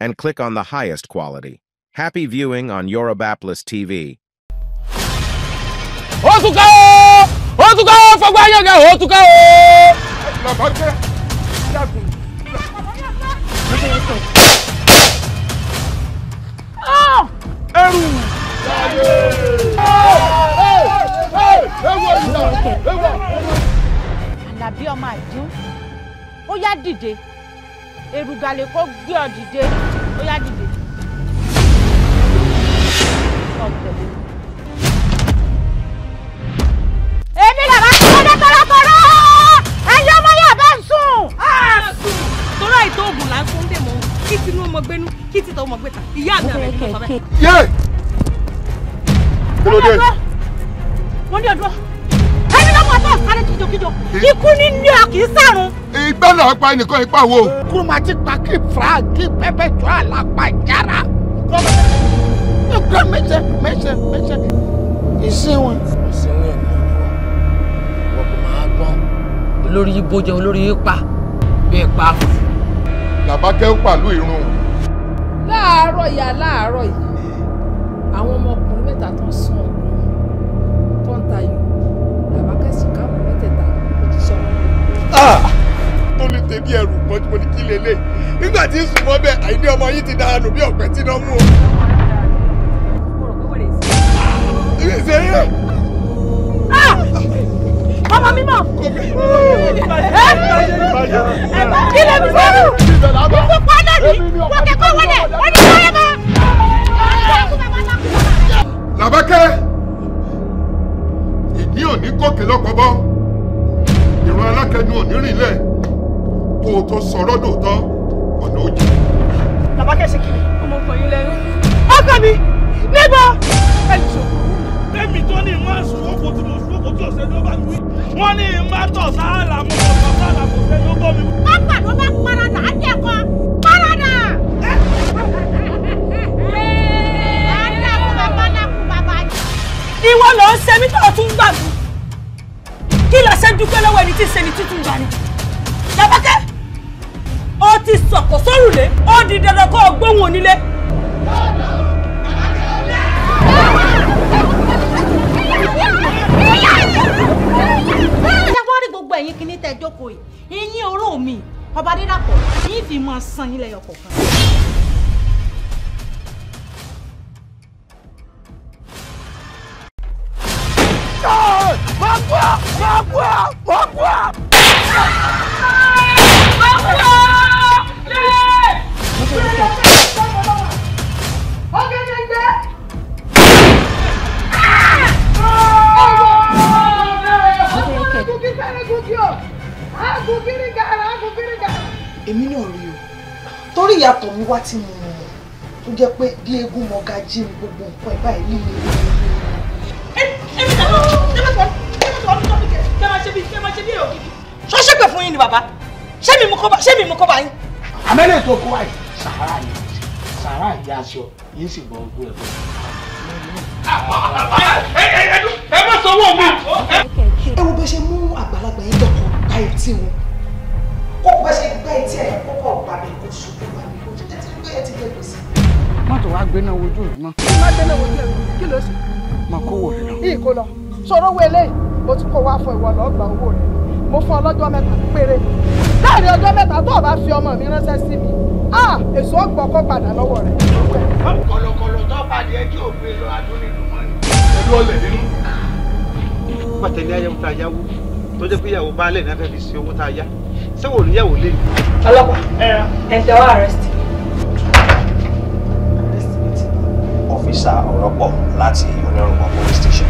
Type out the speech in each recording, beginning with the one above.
and click on the highest quality. Happy viewing on Yorubapolis TV. Àlàbí ọmọ àdín, ó èrùgàlè kó gbé ọ dìde ó yá dìde. èmi làbá tí wọ́n dé tọ́lọ́kọ́rọ́ ẹ̀yin ọmọ yà bá ń sùn. tọ́lá ètò oògùn là ń sún dè mọ́ kí tinú ọmọ gbénú kí títọ́ ọmọ gbéta ìyá àgbà rẹ̀ kí ló sọ bẹ́ẹ̀. yé kí wọ́n dé ọdún lọ́wọ́ tó sáré kìjokìjo eh? ikú ní ní ọ kì í sàrùn. ìgbà náà pa ẹnìkan ipa wo. kúrò máa ti pa kí fra kí pẹpẹ jọ àlàpà jára. ìgbà mẹsẹ mẹsẹ mẹsẹ ìsìn wọn. ìsìn wọn ni wọn kò máa gbọ́n. olórí ibo jẹ olórí ipa bẹ́ẹ̀ pa. làbákẹ́ ń pàlú irun. láàárọ̀ yà láàárọ̀ yìí àwọn ọmọkùnrin mẹ́ta tó ń sún tó ń ta ìlú. lè tẹ̀lé ẹrù pọ́jú mo ní kí lélẹ̀ nígbà tí sùn mọ́ bẹ́ẹ̀ àìní ọmọ yìí ti dára nù bí ọ̀pẹ tí náà mú o. ṣe é. Ah! ọmọ mi mọ̀ ẹ kí lè mi sọ́dún ìfúnpá náà ni wọ́n no, fún onílé. jáwárí gbogbo ẹ̀yin kìíní tẹ́ jókòó yìí eyín oró mi ọba dídàpọ̀ yín fi máa san yín lẹ́yọ̀ kọ̀ọ̀kan. jí mi gbogbo nǹkan ẹ̀ báyìí líle. ẹbí tàbí tẹ́lẹ̀ sọ tẹ́lẹ̀ sọ ọdún tó fi kẹ́ kẹ́ máa ṣe bí kẹ́ máa ṣe bí èrò gidi. sọ ṣépè fún yín ni bàbá ṣé mi mú kọ́ bá yín. àmẹ́lẹ̀ tó kó àì sàárà yìí sàárà yìí aṣọ yìí sì gbọ́ ogbó ẹ̀kọ́. sọ̀rọ̀ owó eléyìí mo tún kó wá fún ìwọ lọ́gbà owó rẹ̀ mo fún ọlọ́jọ́ mẹ́ta péré láàrin ọjọ́ mẹ́ta tó o bá fi ọmọ mi ránṣẹ́ sí mi ah èso ọgbọ̀n kó padà lọ́wọ́ rẹ̀. kọ̀lọ̀kọ̀lọ̀ tó pàdé ẹjọ́ òfin lọ adúnidùnmọ́ ni. ẹlú ọlẹ nínú. pàtẹ ní ayẹwo tá a yáwó tó jẹ́ pé ìyàwó baálé náà fẹ́ fi ṣe owó tá a yá ṣé wò ní ìyàwó lé. ọlọ́pàá ẹ̀ǹtẹ̀ wá arrest. ọ́fíìsà ọ̀rọ̀ pọ̀ láti onírúurú police station.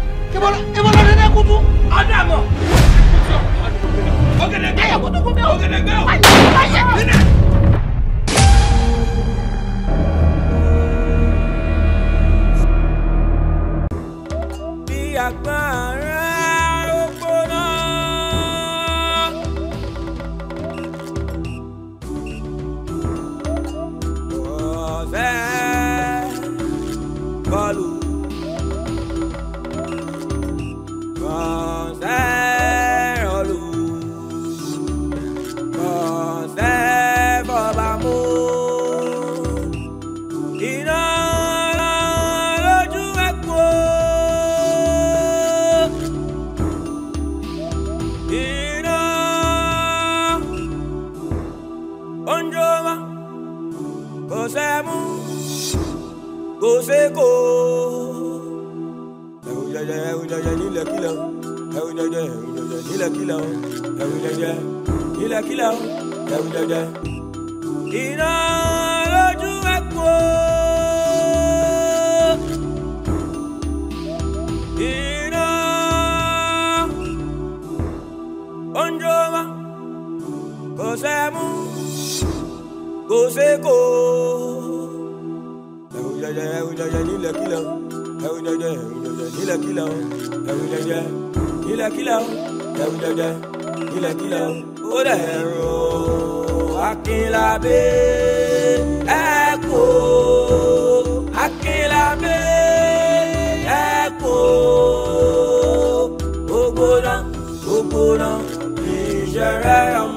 ìbọn lọ dédé kutu. ọ̀dàmọ̀ ọ̀gẹ̀dẹ̀gbẹ̀ ọ̀gẹ̀dẹ̀gbẹ̀ ọ̀gẹ̀dẹ̀gbẹ̀ ọ̀gẹ̀dẹ̀gbẹ̀ kila kila o ẹ̀wù dẹ̀dẹ̀ kila kila o ẹ̀wù dẹ̀dẹ̀. iná lójú ẹ̀kọ́. Oh. iná oúnjẹ wa kò sẹ́mu kò sẹ́kọ̀. ẹ̀wù dẹ̀dẹ̀ ẹ̀wù dẹ̀dẹ̀ kila kila o ẹ̀wù dẹ̀dẹ̀ ẹ̀wù dẹ̀dẹ̀ kila kila o ẹ̀wù dẹ̀dẹ̀ kila kila o. Oh. ẹ̀rù jẹjẹ kílẹ̀kílẹ̀ ó dẹ̀rù akínlábé ẹ̀kọ́ akínlábé ẹ̀kọ́ ògbóná ògbóná ìṣẹ̀rẹ̀ ọmọ.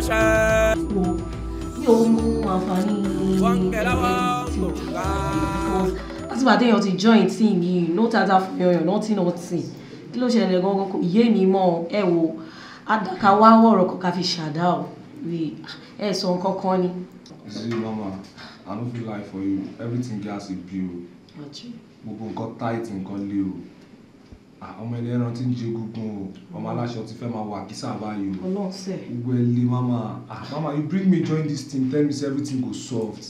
ṣe. mi ò mú àǹfààní láti bàtẹ́ èèyàn ti join team yìí no tata fún èèyàn nọ́tì nọ́tì kí ló ṣẹlẹ̀ gangan kò yé mi mọ́ ẹ wo adaka wá wọ̀rọ̀ kan ká fi ṣàdá o ẹ sọ nǹkan kan ni. zee mama i no fit lie for you everything gas e bill gbogbo nǹkan tight nǹkan le o. Ah, ọmọ ẹlẹ́ran tí ń jẹ egungun o ọmọ mm. aláṣọ ti fẹ́ máa wà kí sábà yìí o gbogbo ẹ mama ah mama you bring me join this team tell me say everything go soft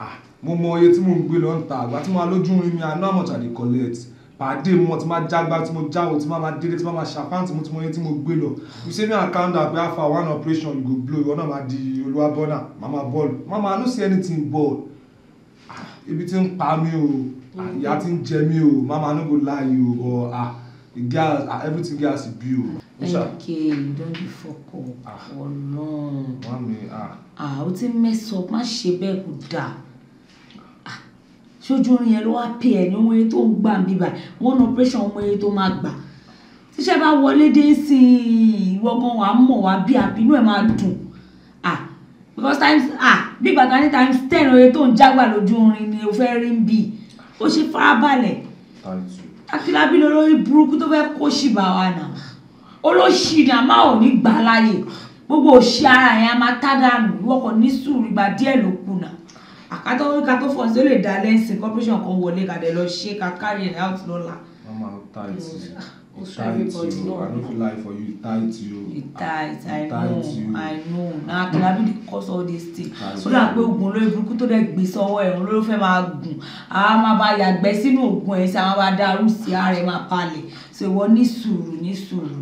ah mo mọ iye tí mo ń gbé lọ ń ta àgbà tí mo máa lójú rin mi i know how much i dey collect pàdé mo ti máa jágbá tí mo jáwò tí mo máa délé tí mo máa ṣàpáǹtì mo ti mọ iye tí mo gbé lọ you say me account àpé afa one operation you go blow ìwọ náà máa di olúwàbọ́nà mama ball mama i no see anything ball ah ibi tí ń pa mí o. Ah, mm. ìyá ti ń jẹ mí o mama no go lie you o ah gas ah everything gas be o. ẹnìkè ìdọ́jú fọkọ ọlọ́run ah. ah o ti mẹ́sàn-án má ṣe bẹ́ẹ̀ kó dáa ah, ṣojú orin yẹn ló wá pè ẹ ní ohun tó ń gbà bíbà one operation ohun tó máa gbà tíṣẹ́ bá wọlé dé sí ìwọ gan mọ̀ wá bí àbínú ẹ̀ máa dùn ah because times ah bí gbàgbá ní times ten oye tó ń jágbà lójú orin ni o fẹ́ rí ń bíi o ṣe farabalẹ̀ akílábí lórí burúkú tó fẹ́ kó ṣì bá wa nà olóṣì náà má ò ní gbà láyè gbogbo òṣì ara yẹn a máa tá dànù wọkọ̀ ní sùúrù ìgbà díẹ̀ ló kù nà àkátọ́ orí ká tó fọ̀ sí ó lè dá lẹ́sìn corporation kan wọlé kàdé lọ ṣe ká carry it lọ́la. wọ́n máa ta ìsìn you tithe you i no lie for you you tithe you you tithe i know i know na Akinabi dey cause all this thing ó dà pé oògùn olórí burúkú tó dẹ̀ gbé sọ́wọ́ ẹ̀ òun ló fẹ́ máa gùn á máa bá yàgbẹ́ sínú oògùn ẹ̀ sí àwọn bá darú sí ara ẹ̀ máa palẹ̀ ṣe wọ́n ní sùúrù ní sùúrù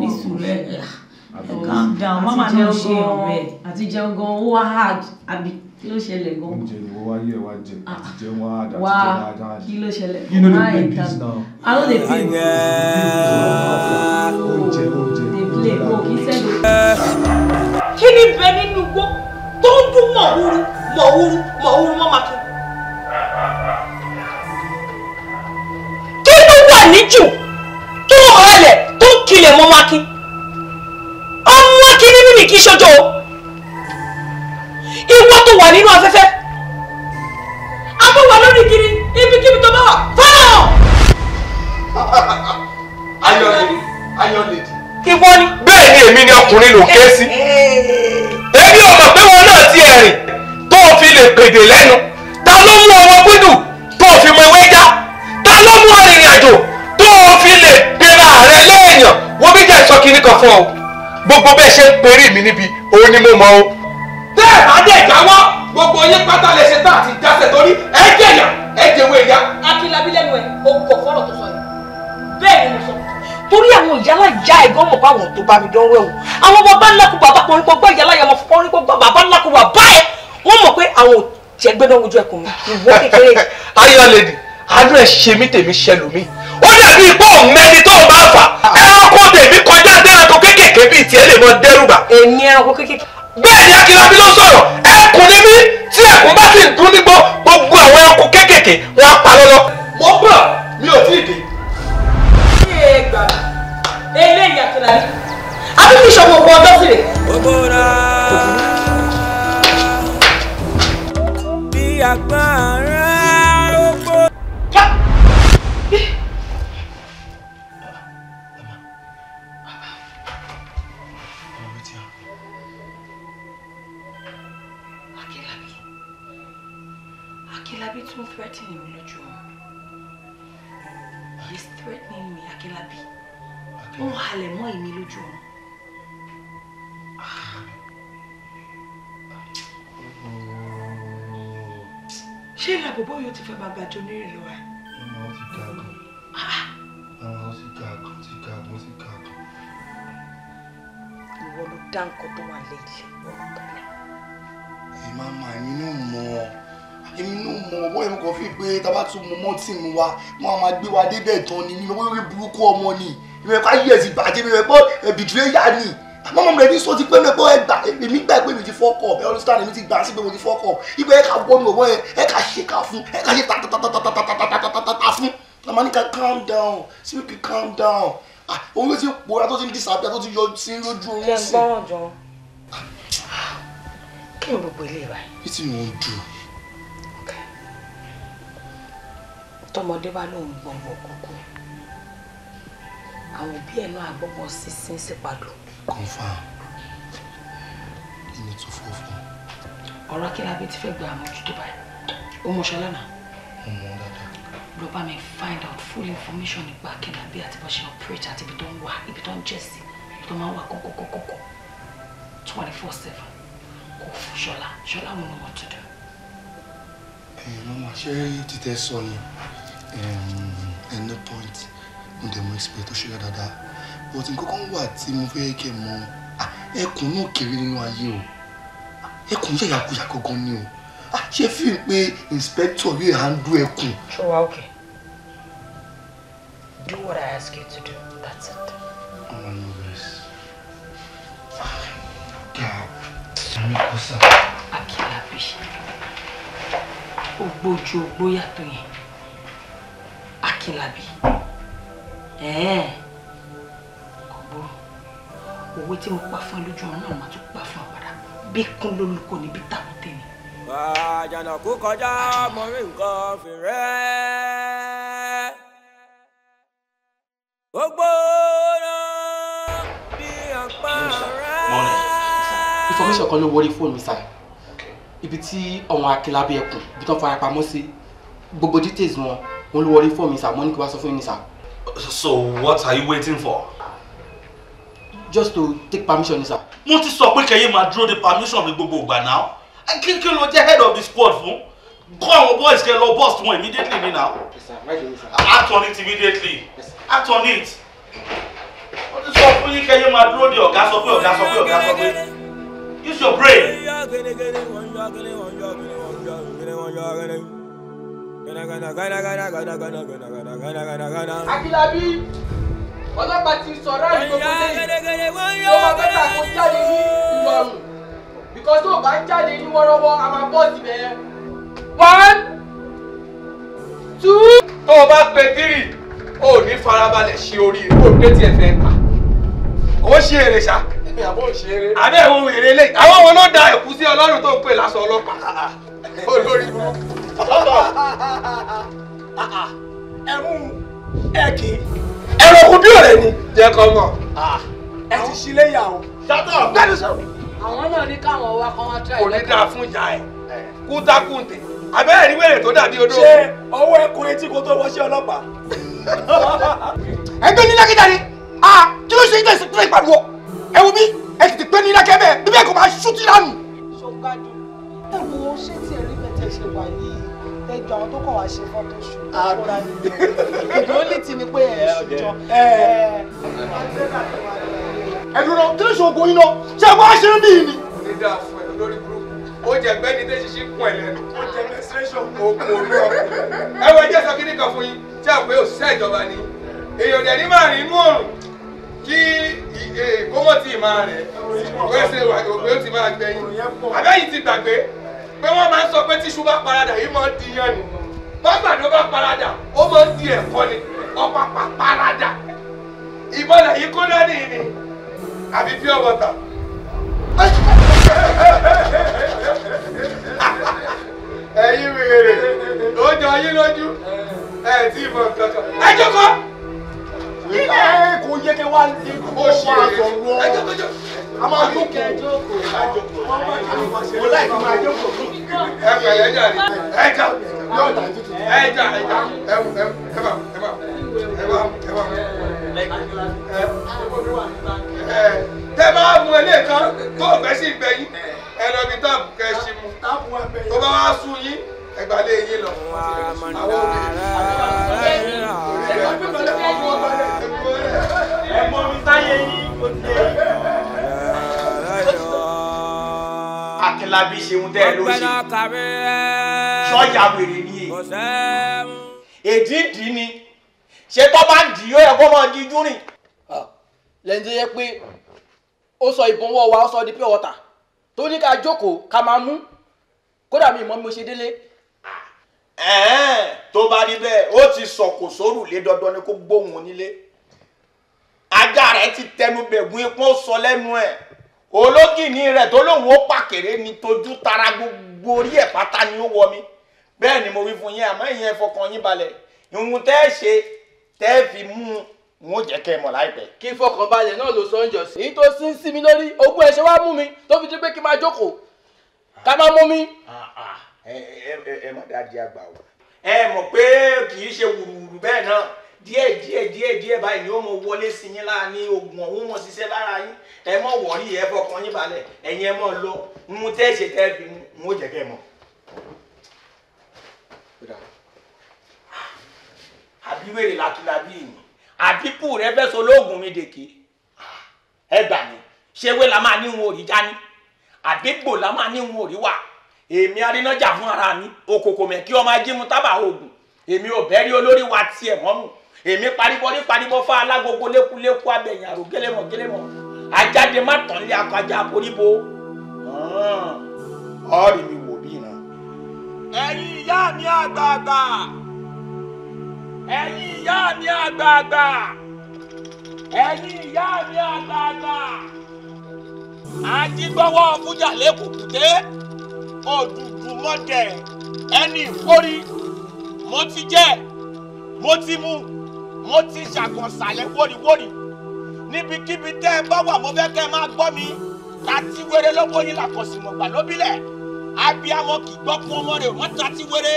ní sùúrù ẹ̀ calm down mama ní o ṣe ọ̀rẹ́ àti jẹun gan owó hard àbí kí ló ṣẹlẹ̀ gan. oúnjẹ ni wọ́n wá yẹ wá jẹ ah, àti jẹ wọ́n á dà ti jẹ kí ló ṣẹlẹ̀ you know the big now. i no dey play. oúnjẹ oúnjẹ dey play o kì í sẹ́nu. kí ni bẹ nínú igbó tó ń dún mọ̀wúrú mọ̀wúrú mọ̀wúrú mọ́màkì. kí ló wà níjù tó ń rẹlẹ̀ tó ń kilẹ̀ mọ́màkì. ọmọ akíní mímì kì í ṣojo o ìwọ tó wà nínú afẹ́fẹ́ abúwà lórí kiri ibikíbi tó bá wà fọ́nà. ayọ̀lẹ̀dì ayọ̀lẹ̀dì. ìwọ ni. bẹ́ẹ̀ ni èmi ni ọkùnrin ló ké sí eh, eh. èmi ò mọ̀ pé wọn náà ti ẹ̀rìn tó o fi lè pèdè lẹ́nu ta ló mú ọmọ gbúdùn tó o fi mọ ewé já ta ló mú arìnrìn àjò tó o fi lè pera rẹ lẹ́yìn wọ́n bí jẹ́ ìsọkiri kan fún ọ gbogbo bẹ́ẹ̀ ṣe ń perí mi níbi òun ni mo mọ̀ o bẹ́ẹ̀ bá dẹ̀ jáwọ́ gbogbo yín pátá lè ṣe tá àti dáṣẹ̀ torí ẹ jẹ̀yà ẹ jẹ̀wé ìyá. akínlábí lẹ́nu ẹ̀ o kò fọ́rọ̀ tó sọ yìí bẹ́ẹ̀ ni mo sọ torí àwọn ìyálà ìyá ẹ̀gbọ́n mọ̀ báwọn tó bá mi dánwó ẹ̀wọ̀n àwọn bàbá ńláku bàbá pọnrín gbọ́ ìyálà ìyá ọmọ pọnrín gbọ́ bàbá ńláku bàbá ẹ̀ wọ́n mọ̀ pé àwọn òtí ẹgbẹ́ náà wojú ẹkùn mi ìwọ kékeré. ayọ̀ lèdì àánú ṣe mí tèmi ṣẹlùmí ó dàbí ipò mẹ́ni tó bá fà ẹ̀ ọkọ tèmi kọ ẹranko kékeré. bẹ́ẹ̀ ni akínábí ló sọ̀rọ̀ ẹkùn níbí tí ẹkùn bá sì ń dún nígbó gbogbo àwọn ẹranko kéékèèké wọn á tún mu mọ́tìn wa wọ́n á máa gbé wa débẹ̀ tán ni mi wọ́n burúkú ọmọ ni ìwé ká yí ẹ̀sìn bàjẹ́ mi rẹ̀ pọ́ ẹ̀bìdúré yá ni àmọ́ ọmọ rẹ̀ ní sọ ti pé mi pọ́ ẹgbà èmi gbà pé mi ti fọ́kọ̀ ẹ understand èmi ti gbà sí pé mo ti fọ́kọ̀ ibà ẹ ká wọ́n mi òwò ẹ ẹ ká ṣe ká fún ẹ ká ṣe tatatatatatatata fún lamanika calm down simiki calm down òun ló ti pòórá tó ti ń disapia tó ti yọ sí lójú oorun sí. kí n gbogbo ilé rà. kí tí mo ń dùn. tọmọdé bá lóun gbọ̀ngbọ̀ kúkú àwọn òbí ẹ̀ náà gbọ́gbọ́ sísín sípàdù. confam inú tó fọ́ fún. ọ̀rọ̀ akílábí ti fẹ́ gba àmójútó báyìí ó mọṣọ lánàá. mo mọ dáadáa. lọ bá mi find out full information nípa akílábí àti bó ṣe operate àti ibi tó ń wà ibi tó ń jẹ́ sí ibi tó máa ń wà kọ́kọ́kọ́kọ́ twenty four seven kò fún ṣọlá ṣọlá mo ní wọn tó dùn. ẹ̀yin mama ṣé títẹ sọ ni ẹnu point mo dẹ̀ mọ expect tó ṣẹlẹ̀ dáadáa but nǹkan kan wà tí mo fẹ́ kẹ́ mọ ah, ẹkùn náà kéré nínú ayé o ah, ẹkùn yàyàkuyà gangan ni o ah, ṣé fi hàn pé inspector yóò handle ẹkùn. ṣọwọ́ okay do what I ask you to do that's it. ọmọ mi ò rẹ̀ sí. mi kò sá. akílábí ògbójú ògbóyà tó yẹn Akílábí ẹ̀ẹ́n kò burú owó tí mo pa fún ẹ lójú ọ̀run náà máa tún pa fún ọ padà bí kún lólùkọ níbi tàkùté ni. àjànà kú kọjá mo rí nǹkan fìrẹ́ gbogbo náà bí àpá rẹ̀. ìfọwọ́sọ̀ kan ló wọlé fóònù sáà ibi tí ọ̀wọ́n Akílábí ẹkùn ibi tó ń farapamọ́ sí gbogbo details wọn wọ́n ló wọlé fọ́ mi sà mọ́ ní kí wàá sọ mi sà. so what are you waiting for. just to take permission ni sà. mo ti sọ pé kẹyìn máa dúró the permission mi gbogbo ìgbà náà kí kí ló jẹ́ head of the squad fún Go àwọn boys kẹ lọ bust wọn immediately me now Sir, sir. right, act on it immediately act on it mo ti sọ fún yín kẹyìn máa dúró de ọ̀gá sọ pé ọ̀gá sọ pé ọ̀gá sọ pé use your brain. Akílábí ọlọ́pàá ti sọ̀rọ̀ àìgbòkúté yìí ló máa bẹ́ẹ̀ kó jáde ní ìrọ̀rùn bíkọ́ tó bá jáde ní wọ́rọ́wọ́ a máa bọ́ síbẹ̀. one two. tó o bá pe three. o ò ní farabalẹ̀ ṣe oríire kó o dé tiẹ̀ fẹ́ ta ó ṣe èrè ṣá àbẹ̀ òun èrè lẹ́yìn àwọn ọmọ náà da ẹ̀kú sí ọlọ́run tó ń pè lásán ọlọ́pàá olórí burúkú ẹ̀mú ẹ̀kì ẹ̀rọ̀kù bí òrẹ́ ni. jẹ́ kọ́ mọ̀. ẹ ti ṣí léyà o. dátọ̀ bẹ́ẹ̀ni sọ. àwọn náà ní káwọn wá kọ́ wá tíra ìlẹ́kọ̀ọ́. kò ní dáa fún ìyá ẹ̀ kúntakùntè abẹ́rẹ́ rí wẹ̀rẹ̀ tó dàbí odó. ṣé ọwọ́ ẹ kun etí kó tó wọṣẹ́ ọlọ́pàá. ẹ gbé nílá kíjà ni kí ló ṣe ilé ìsìnkú náà ìpàdùwọ̀ ẹ wo bí ẹ tètè pé nílá kẹ́bẹ̀ẹ́ bíbẹ́ kò máa ṣú tí lánàá. ṣọgbádùn ẹ wo ṣé tí ẹ rí bẹ́tẹ̀ ṣe wà yìí ju àwọn tó kàn wá ṣe fọ́tò ṣùgbọ́n fúnra ní ìdúró létí ni pé ẹ̀ ṣùjọ. ẹ dúró kí ló ṣe oògùn yín lọ ṣé ẹ wá ṣe ń bí yìí ni. kò ní dáa fún ẹ lórí burúkú ó jẹ gbẹ́ni tẹ́ ṣíṣí kún ẹ lẹ́nu ó jẹ menstruation oògùn olú ọkùnrin. ẹ wọ ẹjẹ sọ kí nìkan fún yín tí a pé òṣìṣẹ́ ìjọba ni èèyàn dẹ̀ ní máa rìn inú òrùn kí kó máa rẹ̀ ó ṣe wà ó ti máa gbẹ̀yìn àbẹ́yìn ti gbàgbé pé wọ́n máa ń sọ pé tíṣu bá paradà yìí máa ń di yan ni bọ́gbàdo bá paradà ó máa ń di ẹ̀kọ́ ni ọ̀pàpà paradà ìbọ̀lẹ̀ yìí kó dání ni àbí pure water. ẹ̀yin wèrè ó jọ yín lójú ẹ̀ tí ì nǹkan kan ẹ jókòó nílẹ̀ ẹ kò yẹ kẹ wá ní kó máa sọ̀rọ̀ a máa jókòó mo láì fi máa jókòó. ẹ pẹ̀lẹ́ ẹ ẹ ẹ bá ẹ bá ẹ bá ẹ bá ẹ tẹ bá mú eléyìí kan tó ọgbẹ sí ìgbẹ̀yìn ẹ lọ bí táàbù kẹ ṣe mu tó bá wá sùn yín ẹgbà lé yín lọ. àwọn obìnrin àti bàbá rẹ̀ ọmọ ọba ṣeun tẹ́ ẹ ló ṣe. Sọ́jà wèrè ni èyí. Èdí dì ni. Ṣé tó bá ń dì yóò yẹ kó máa di jú rìn? Ah, lẹ́yìn tó yẹ pé ó sọ ìbọnwọ́ wa ó sọ di pure water tó ní ká jókòó ká máa mú kódà mi ìmọ̀ mi mo ṣe délé ẹ̀ẹ́n tó bá rí bẹ́ẹ̀ ó ti sọ̀kò sórùlé dandan ni kó gbóhùn onílé ajá rẹ̀ ti tẹnu bẹ̀gùn epo sọ lẹ́nu ẹ̀ ológìní rẹ̀ tó lóun ó pàkèrè ni tójú tara gbogbo orí ẹ̀ pátá ni ó wọ mi bẹ́ẹ̀ ni mo wí fún yín àmọ́ ìyẹn fọkàn yín balẹ̀ ìhun tẹ́ ẹ ṣe tẹ́ ẹ fi mú un wọn ò jẹ́ kẹ́ ẹ mọ̀ láìpẹ́. kí fọkànbalẹ̀ náà ló sọ ń jọ sí. èyí tó ń sí lórí ogún ẹ̀ṣẹ̀ wá mú mi tó fi dé pé kí n máa jókòó ká má mú mi. Ah, ah. ẹ má dáadé àgbà o. ẹ mọ̀ pé kì í ṣe wùrùwùrù bẹ́ẹ̀ náà díẹ̀ díẹ̀ díẹ̀ díẹ̀ báyìí ni ó mọ wọlé sí yín lára ní oògùn ọ̀hún mọ̀ ṣiṣẹ́ lára yín ẹ mọ̀ wọ̀rí ẹ fọkàn yín balẹ̀ ẹ̀yin ẹ mọ̀ lọ mú tẹ́ fi mú jẹ́ kẹ́ ẹ mọ̀. àbí wèrè sọ lóògùn mi dèké ẹ gbà mí ṣé wé la máa ní èmi arínájà fún ara mi òkòkò mẹ́kí ọmọ ajímu tábà oògùn èmi ò bẹ́rí olórí wa tiẹ̀ mọ́mù èmi paribọ́ ní paribọ́ fún alágogo lékuléku abẹ̀yìn àrò gélémọ̀ gélémọ̀ ajáde má tán lé akọ ajá àforíbo ọ̀rì mi wò bí iná. ẹ̀yin ìyá mi àgbààgbà ẹ̀yin ìyá mi àgbààgbà ẹ̀yin ìyá mi àgbààgbà àdìgbọ́wọ́ fújà lẹ́kùkùté. Odùdùmọ̀dẹ̀ ẹni ìkórí mo ti jẹ́ mo ti mu mo ti ṣàkànṣàlẹ̀ wóríwórí níbikíbi tẹ́ ẹ bá wà mo fẹ́ kẹ́ ẹ máa gbọ́ mi tàti wéré lọ́wọ́ yín làkọ̀sìmọ̀gbà lóbílẹ̀ abiyamọ kì í gbọ́ kún ọmọ rẹ̀ wọ́n tàti wéré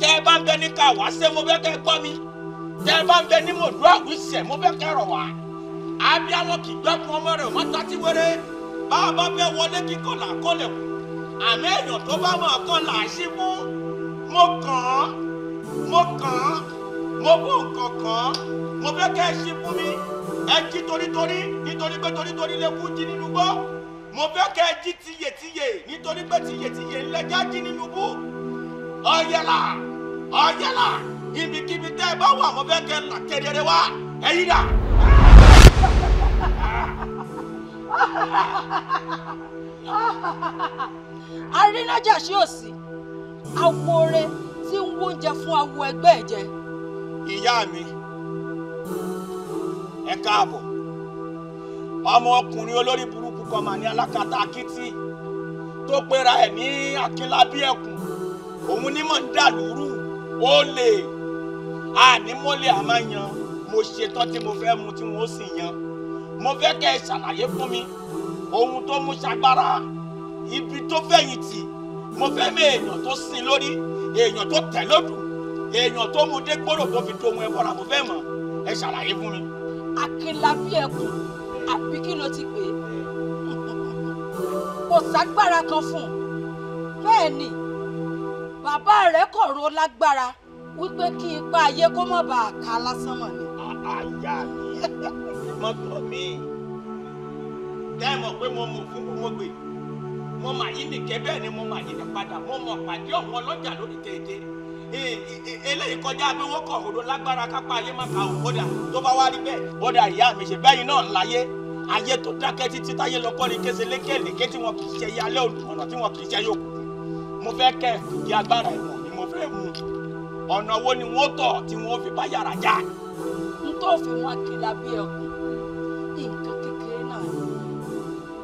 tẹ́ ẹ bá ń bẹ ní ká wá ṣe mo fẹ́ kẹ́ ẹ gbọ́ mi tẹ́ ẹ bá ń bẹ ní mòdú àwísẹ̀ mo fẹ́ kẹ́ ẹ rọ̀ wá abiyamọ kì í gbọ́ kún ọmọ rẹ̀ wọ́n tàti wéré bá a bá fẹ́ wọlé kíkọ́ làkọ́lẹ̀kùn àmọ́ èèyàn tó bá mọ̀ ọ̀kan là á sí mú mo kàn án mo kàn án mo bú nǹkan kàn án mo fẹ́ kẹ́ ẹ sí fún mi ẹ jí torítorí nítorí pé torítorí lè kú jí nínú gbọ́ mo fẹ́ kẹ́ ẹ jí tiyètiyè nítorí pé tiyètiyè ńlẹ́jà jí nínú bú ọ̀yẹ̀là ọ̀yẹ̀là ibikíbi tẹ́ ẹ bá wà mo fẹ́ kẹ́ ẹ là kedere wá ẹ yí dà. Ha ha ha ha ha! arínájà sí òsì awore tí ń wóúnjẹ fún awo ẹgbẹ́ ẹ̀ jẹ. ìyá mi ẹ káàbọ̀ ọmọkùnrin olórí burúkú kan mà ní alákatá akitì tó pera ẹ̀ ní akínlábí ẹ̀kún òun ní mọ̀ ń dà lúrù ó lè ànímọ́lẹ̀ àmáyan mo ṣetán tí mo fẹ́ mu tí wọ́n sì yan mo fẹ́ kẹ́ ẹ ṣàlàyé fún mi ohun tó mú ṣagbára ibi tó fẹ̀yìntì mo fẹ́ mẹ èèyàn tó sin lórí èèyàn tó tẹ̀ lódù èèyàn tó mu dé gbòòrò tó fi dohun ẹ bọ́ra mo fẹ́ mọ̀ ẹ ṣàlàyé fún mi. àkìlábí ẹkùn àbí kí ló ti pè é kò ságbára kan fún un bẹ́ẹ̀ ni bàbá rẹ̀ kọ̀ ro lágbára wípé kí ipa ayé kó má bàa ká lásán mọ̀ ni. àyà mi mọ́tò mi dẹ́mọ̀ pé mo mú fún gbogbo gbè mo mà yí nìkẹ́ bẹ́ẹ̀ ni mo mà yí ní padà mo mọ̀ pàdé ọ̀wọ́n lọ́jà lórí tèèdè eléyìí kọjá pé wọ́n kọ̀ òdo lágbára kápá ayé má ka òun kódà tó bá wá rí bẹ́ẹ̀ bọ́dà ìyá mi ṣe bẹ́yìn náà láyé ayé tó dákẹ́ títí táyé lọ́kọ́ ni kése lékèléké tí wọn kì í ṣe yálé ọ̀nà tí wọn kì í ṣe yóò kù mo fẹ́ kẹ́ ìdí agbára ẹ̀wọ̀n ni mo fẹ́ mú ọ̀nà wo ni wọ́n tọ̀ tí wọ́n fi bá yàrá já. n tó fi wọn kìlà bí ẹkùn nǹkan kékeré náà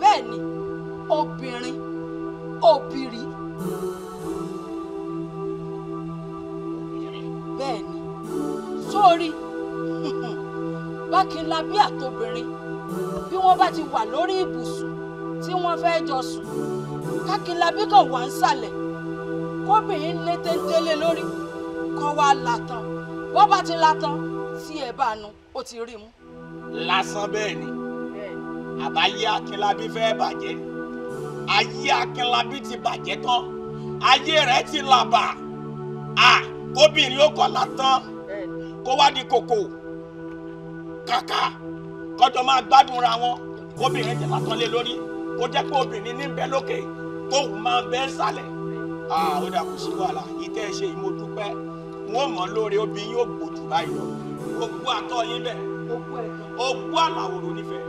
bẹ́ẹ̀ ni obìnrin òbìrí. bẹ́ẹ̀ni sórí bákinlábí àtobìnrin bí wọ́n bá ti wà lórí ibùsùn tí wọ́n fẹ́ jọ sùn kákinlábí kan wà ń sàlẹ̀ kóbìnrin lé téńtélé lórí kọ́ wa làtàn bọ́ bá ti làtàn tí ẹ bá nu ó ti rí mu. lásán bẹ́ẹ̀ ni àbáyé akínlábí fẹ́ bàjẹ́ ni ayé Akínlábí ti bàjẹ́ tán ayé rẹ̀ ti làbà à kóbìnrin ó kọ̀ látàn kó wá di kòkò kàkà kọjọ máa gbádùn ra wọn kóbìnrin ti làtàn lé lórí kó jẹ́ pé obìnrin ní bẹ lókè tóun máa bẹ sálẹ̀ ó dà kó sí wàhálà ìtẹ́ ṣe ìmọ̀dúpẹ́ wọn mọ̀ lórí obìnrin yóò gbòdù báyìí lọ òkú àtọ́ yín bẹ̀ òkú àlàwòrán nífẹ̀ẹ́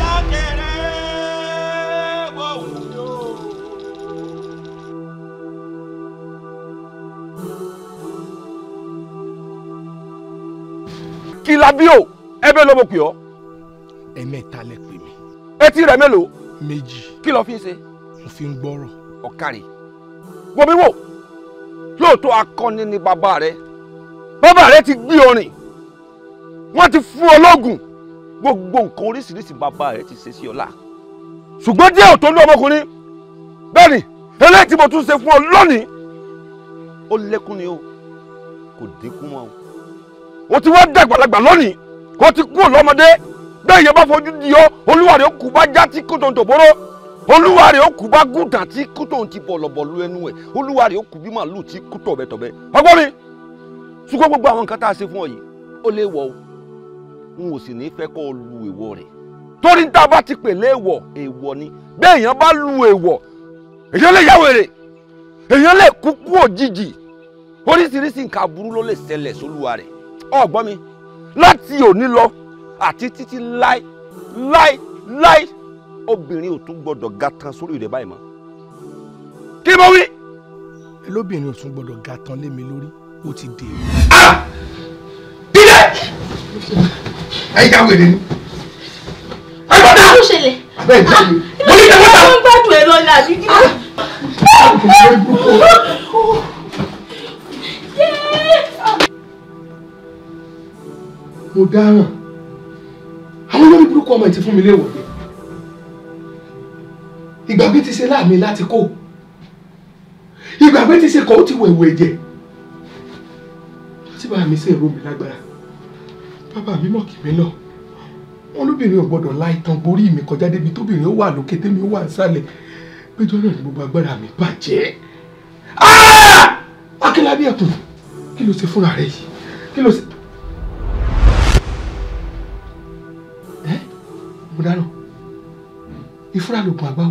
ìyá kẹrẹ. kí labio ẹbẹ ló mo pè ọ. ẹ̀mẹ́ta lẹ pè mí. etí rẹ mélòó. méjì. kí ló fi ń ṣe. mo fi ń gbọ́rọ̀. ọ̀kàrẹ̀ wo mi wò lóòótọ́ akọni ni bàbá rẹ bàbá rẹ ti gbé ọrìn wọ́n ti fún ọ lóògùn gbogbo nǹkan oríṣiríṣi bàbá rẹ ti ṣe sí ọlá ṣùgbọ́n díẹ̀ ò tó ní ọmọkùnrin bẹ́ẹ̀ ni eléyìí tí mo tún ṣe fún ọ lónìí ó lékún ni o kò dínkù mọ́ o o ti wá dàgbàlagbà lónìí o ti kú lọ́mọdé bẹ́ẹ̀ yẹn bá fojú di ọ́ olúwa rẹ̀ ó kú bá já tí kòtò ń tòbóró olúwa rẹ̀ ó kú bá gùdà tí kòtò ń ti bọ̀lọ̀bọ̀lù ẹnu ẹ̀ olúwa rẹ̀ ó kú bí màlúù tí kú tọ̀bẹ̀tọ̀bẹ̀ ọgbọ́n mi ṣùgbọ́n gbogbo àwọn nǹkan tá a ṣe fún ọ yìí ó lè wọ̀ o n ò sì ní fẹ́ kó o lu èèwọ̀ rẹ̀ torí tá bá ti pè léèwọ̀ èèwọ̀ ni bẹ́ẹ̀ yẹn bá lu èèwọ̀ èèyàn lè yáwèrè èèyàn lè kú kú òjijì oríṣiríṣi nǹkan aburú ló lè ṣẹlẹ̀ sólúwa rẹ̀ ọ̀gbọ́n mi láti òní lọ àti títí láì láì láì obìnrin ò tún gbọdọ̀ ga tan sórí rẹ̀ báyìí mọ́ kí mo wí. lóbìnrin ò tún gbọdọ̀ ga tan lé mi lórí ó ti dé. Ah! dídẹ ẹ yá wèrè ni. ẹ bá dá. ó ṣẹlẹ̀. bẹ́ẹ̀ jẹ́ mi. Ah! mo ní ìdáwọ́ mo ń gbádùn ẹ̀rọ ni àbí ah! kí. mo dáràn àwọn olórí burúkú ọmọ ìtì fún mi léèwọ̀ gbé ìgbàgbé ti ṣe láàmì láti kó ìgbàgbé ti ṣe kọ́ ó ti wẹ̀wẹ̀ ẹ̀jẹ̀ tí bàbá mi sì rò mí lágbára bàbá mi mọ̀ kì mí náà wọn lóbìnrin ò gbọdọ̀ la ìtàn borí mi kọjá débi tóbìnrin ó wà lókè tèmi ó wà nísàlẹ̀ péjọ náà ni gbogbo agbára mi bàjẹ́ ah! akínlábí ẹkùn kí ló ṣe fúnra rẹ yìí kí ló ṣe mo dáná ìfúra lògùn àgbà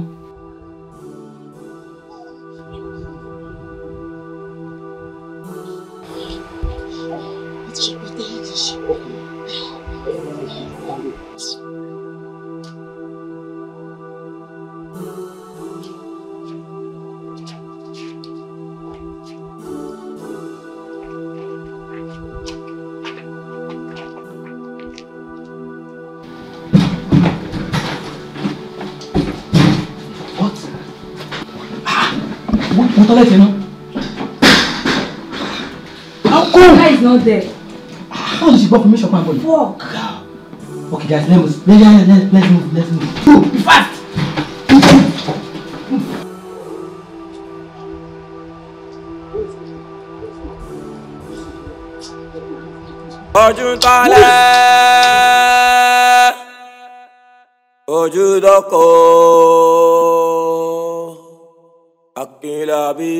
gbọ́ fún mi ṣọ̀pá bọ́ọ̀lù. work. okay guys let's move let's move let's move let's move go be fast. ojú tọ́lẹ̀ ojú dọ́kọ̀ àkìlà bí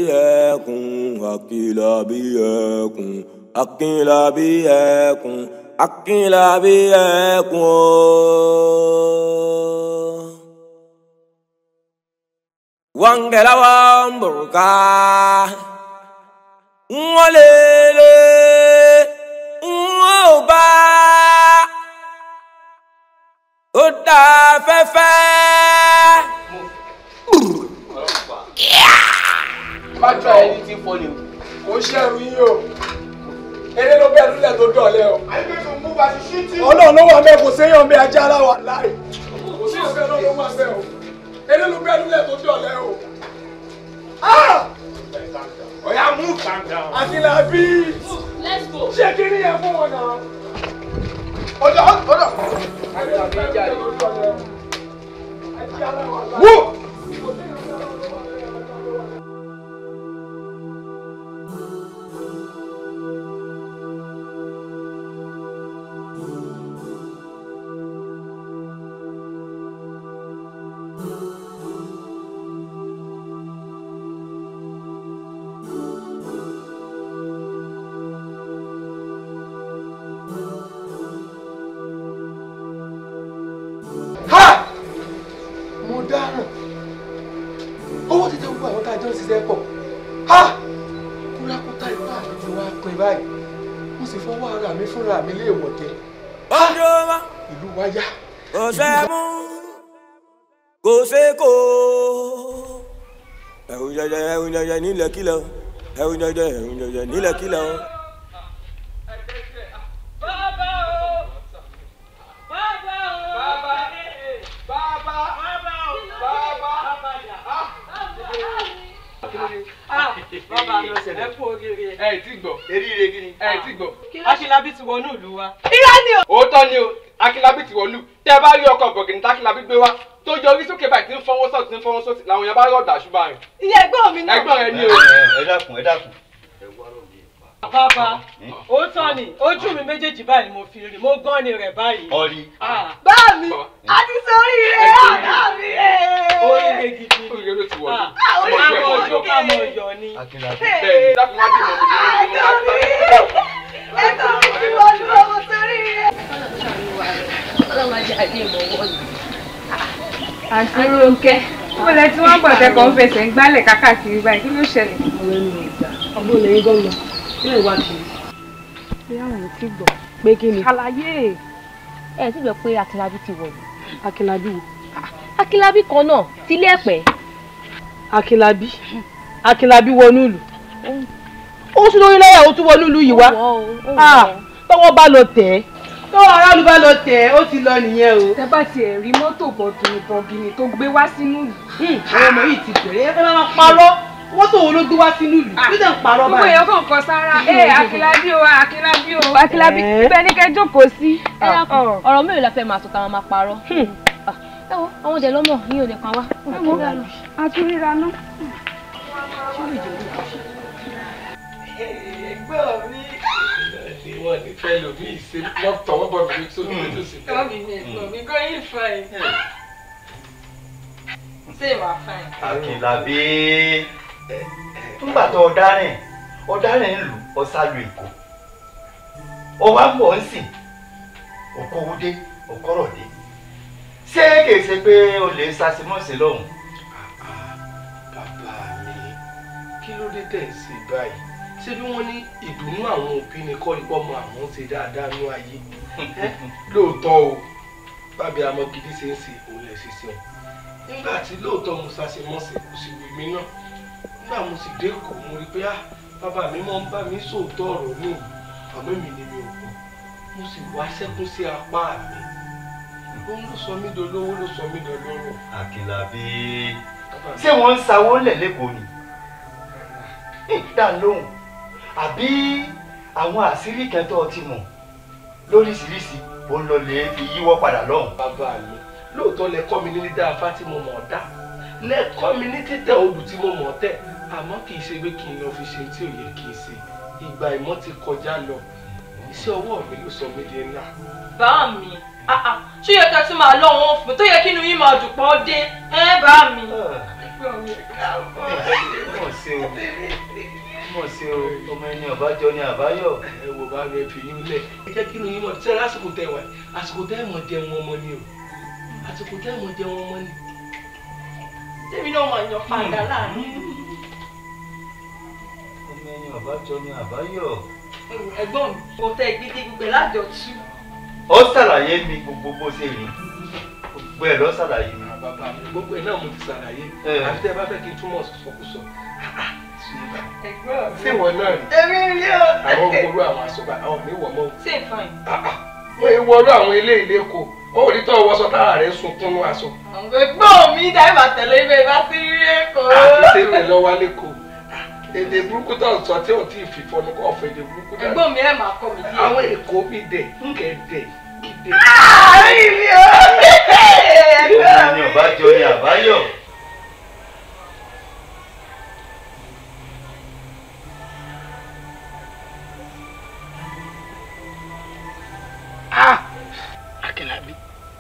ẹkùn àkìlà bí ẹkùn akínlá bí ẹkùn akínlá bí ẹkùn ooo. wangela wa mburuka nwalele nwoba ó dá fẹ́fẹ́. má jọ ẹni tí fọ́ ni o kò ṣẹ́rù yín o eré ló bẹ́ẹ̀ lulẹ̀ tó dọ̀lẹ́ o. ọlọ́run ló wà bẹ́ẹ̀ kò séyàn bẹ́ẹ̀ ajá ara wà láì kò séyàn bẹ́ẹ̀ lọ́wọ́ wà bẹ́ẹ̀ o eré ló bẹ́ẹ̀ lulẹ̀ tó dọ̀lẹ́ o. ọ̀yà ah! mú àkìlà bí ṣé kí ni yẹn fún wọn náà. ọ̀dọ̀ ọ̀dọ̀. wú. fúnra mi lé ìwọ̀tẹ́ ìlú wa yá. kò ṣe mú kò ṣe kó ẹ̀hún jẹjẹ ẹ̀hún jẹjẹ nílẹ̀kílẹ̀ ẹ̀hún jẹjẹ ẹ̀hún jẹjẹ nílẹ̀kílẹ̀. ti wọnú ìlú wa. irọ́ ni o. òótọ́ ni o Akínlábí ti wọnú tẹ́ ẹ bá rí ọkọ̀ bọ̀gìnì tákínlábí gbé wá tó jọ orí sókè báyìí tí ń fọwọ́ sọ̀tì ń fọwọ́ sọ̀tì làwọn yẹn bá rọ̀ dàṣú báyìí. iye ẹ̀gbọ́n mi náà. ẹ̀gbọ́n rẹ ni o. ẹ dákun ẹ dákun. bàbá òótọ́ ni ojú mi méjèèjì báyìí mo fi rí mo gán ni rẹ̀ báyìí. ọ̀rí Ronke mo lẹ tí wọ́n bọ̀ tẹ kàn fẹsẹ̀ ń gbálẹ̀ kákàkiri báyìí kí ló ṣẹlẹ̀. ọ̀rẹ́ mi ò gbà ọgbọ́n lẹ́yìn gọ́ọ̀nà kí lè wá kiri. bí àwọn ò tí gbọ́ pé kí ni. àlàyé ẹ ti gbọ́ pé Akínlábí ti wọ̀lú. Akínlábí wo. Akínlábí kan náà tilé ẹ̀pẹ́. Akínlábí Akínlábí wọnú ìlú o sún lórí lẹ́yà ó tún wọnú ìlú yìí wá ah, tọ́wọ́ bá lọ tẹ̀ ẹ́ tó ọ̀rọ̀ ló bá lọ tẹ̀ ó ti lọ nìyẹn o. tẹ bá tiẹ̀ rí mọ́tò bọ̀gìnìbọ̀gìnì tó gbé wá sínú yìí. Hmm, àwọn ọmọ yìí ti bẹ̀rẹ̀ ẹ fẹ́ parọ́ mọ́tò wo ló gbé wá sínú ìlú ló dẹ̀ ń parọ́ báyìí. gbogbo èèyàn kàn kọ sára ẹ akílábí eh, o akílábí o akílábí eh? bẹ́ẹ̀ ni kẹ́ jókòó sí. Ah, ọ̀rọ̀ mélòó la fẹ́ máa sọ táwọn máa parọ́ hmm. ah, ẹ wo àwọn ọdẹ lọmọ yín ò lè kàn wá. ẹ wo a wọn ní fẹ́ lò mí ìṣe wọn tọwọ́ bọ̀ mí tó ní tó sì fẹ́. tọ́bi mi ẹ̀gbọ́n mi kò yí fine. Hmm. ṣé wàá fine. Akínlábí nígbà tó ọ̀daràn ọ̀daràn ń lù ọ̀sálù èkó ọwọ́ àpò ń sìn òkòwúdé òkọ́rọ̀dé ṣé kìí ṣe pé o lè ṣàṣemọ́ṣe lọ́hùn. Ah, ah, bàbá mi kí ló dé tẹ̀ sí báyìí ṣé bí wọ́n ní ìdùnnú àwọn òbí ni kọ́ ikọ́ ọmọ àwọn ṣe dáadáa nú ayé lóòótọ́ o bábí amọ gidi ṣe ń ṣe òun lè nígbà tí lóòótọ́ musa ṣe mọ́sẹ̀ kò sì wù náà nígbà mo sì dé kò mo rí pé ah bàbá mi máa ń bá mi sòótọ́ ọ̀rọ̀ ní òun àmọ́ èmi ni mi ò gbọ́ mo sì wá sẹ́kún sí apá mi òun ló sọ mí dolówó ló sọ mí dolóró. àkìlàbí ṣé wọ́n ń sawó lẹ̀ lẹ́kọ̀ọ́ ni? dá lóhùn àbí àwọn àṣírí kẹtọ́ ti mọ̀ lóríṣiríṣi òun lọ lè fi yíwọ́ padà lọ́hùn. bàbá mi lóòótọ́ lẹ kọ́ mi ní dídá afá tí mo mọ̀ ọ́ dá lẹ kọ́ mi ní títẹ̀ olù tí mo mọ̀ ọ́ tẹ̀ àmọ́ kì í ṣe pé kí n lọ fi ṣe tí ò yẹ kí n ṣe ìgbà ìmọ̀ ti kọjá lọ iṣẹ́ ọwọ́ mi ló sọ mí di ńlá. bàá mi ṣé yẹ ká tún máa lọ wọn fún tó yẹ kí inú yín máa dùn pọ́ dé ah. ẹ bàá mi. ẹgbẹ́ mi ká mọ́ ẹ mọ̀ sí o ọmọ ẹni ọ̀bájọ ni àbáyọ̀. ẹ wo bá rẹ fi yín lẹ. ẹ jẹ́ kí ni yín mọ̀ ṣe lásìkò tẹ wà àsìkò tẹ́ mọ̀ jẹun ọmọ ni o àsìkò tẹ́ mọ̀ jẹun ọmọ ni. tèmi náà mọ̀ yan fàdà láàánú. ọmọ ẹni ọ̀bájọ ni àbáyọ̀. ẹ̀gbọ́n mi mo tẹ gbígbé gbígbé lájọ tú. ó ṣàlàyé mi gbogbo bó ṣe rí gbogbo ẹ̀ lọ́ ṣàlàyé mi. gbogbo ẹ̀ náà mo ti ṣàlàyé àti tẹ́ bá fẹ́ kí túmọ̀ sọ̀kúsọ̀ sí i bàbá ṣé ìwọ náà ni. èmi rí o. àwọn gbogbo àwọn àsọgbà àwọn mi ah, ah. wọ mọ. ṣé ìfọn yìí. mo ìwọ ọdún àwọn ilé ilé kò ó ò ní tọ́ wọ́sọ tára rẹ̀ sunkún ní aṣọ. ẹ̀gbọ́n mi dá ìbá tẹ̀lé ibẹ̀ bá ti rí ẹ̀kọ́. àti tèmi lọ wá lẹ́kọ̀ọ́ ah, èdè burúkú tó ń sọ tí ò tí ì fi fọnù kọ́ ọ̀fọ̀ èdè burúkú dáadáa. ẹ̀gbọ́n mi ẹ̀ máa kọ́ mi díẹ̀. àwọn èkó mi dẹ̀ kẹ̀dẹ̀ kíde. àárín mi ò. ẹ̀gbọ́n mi ò bá jọ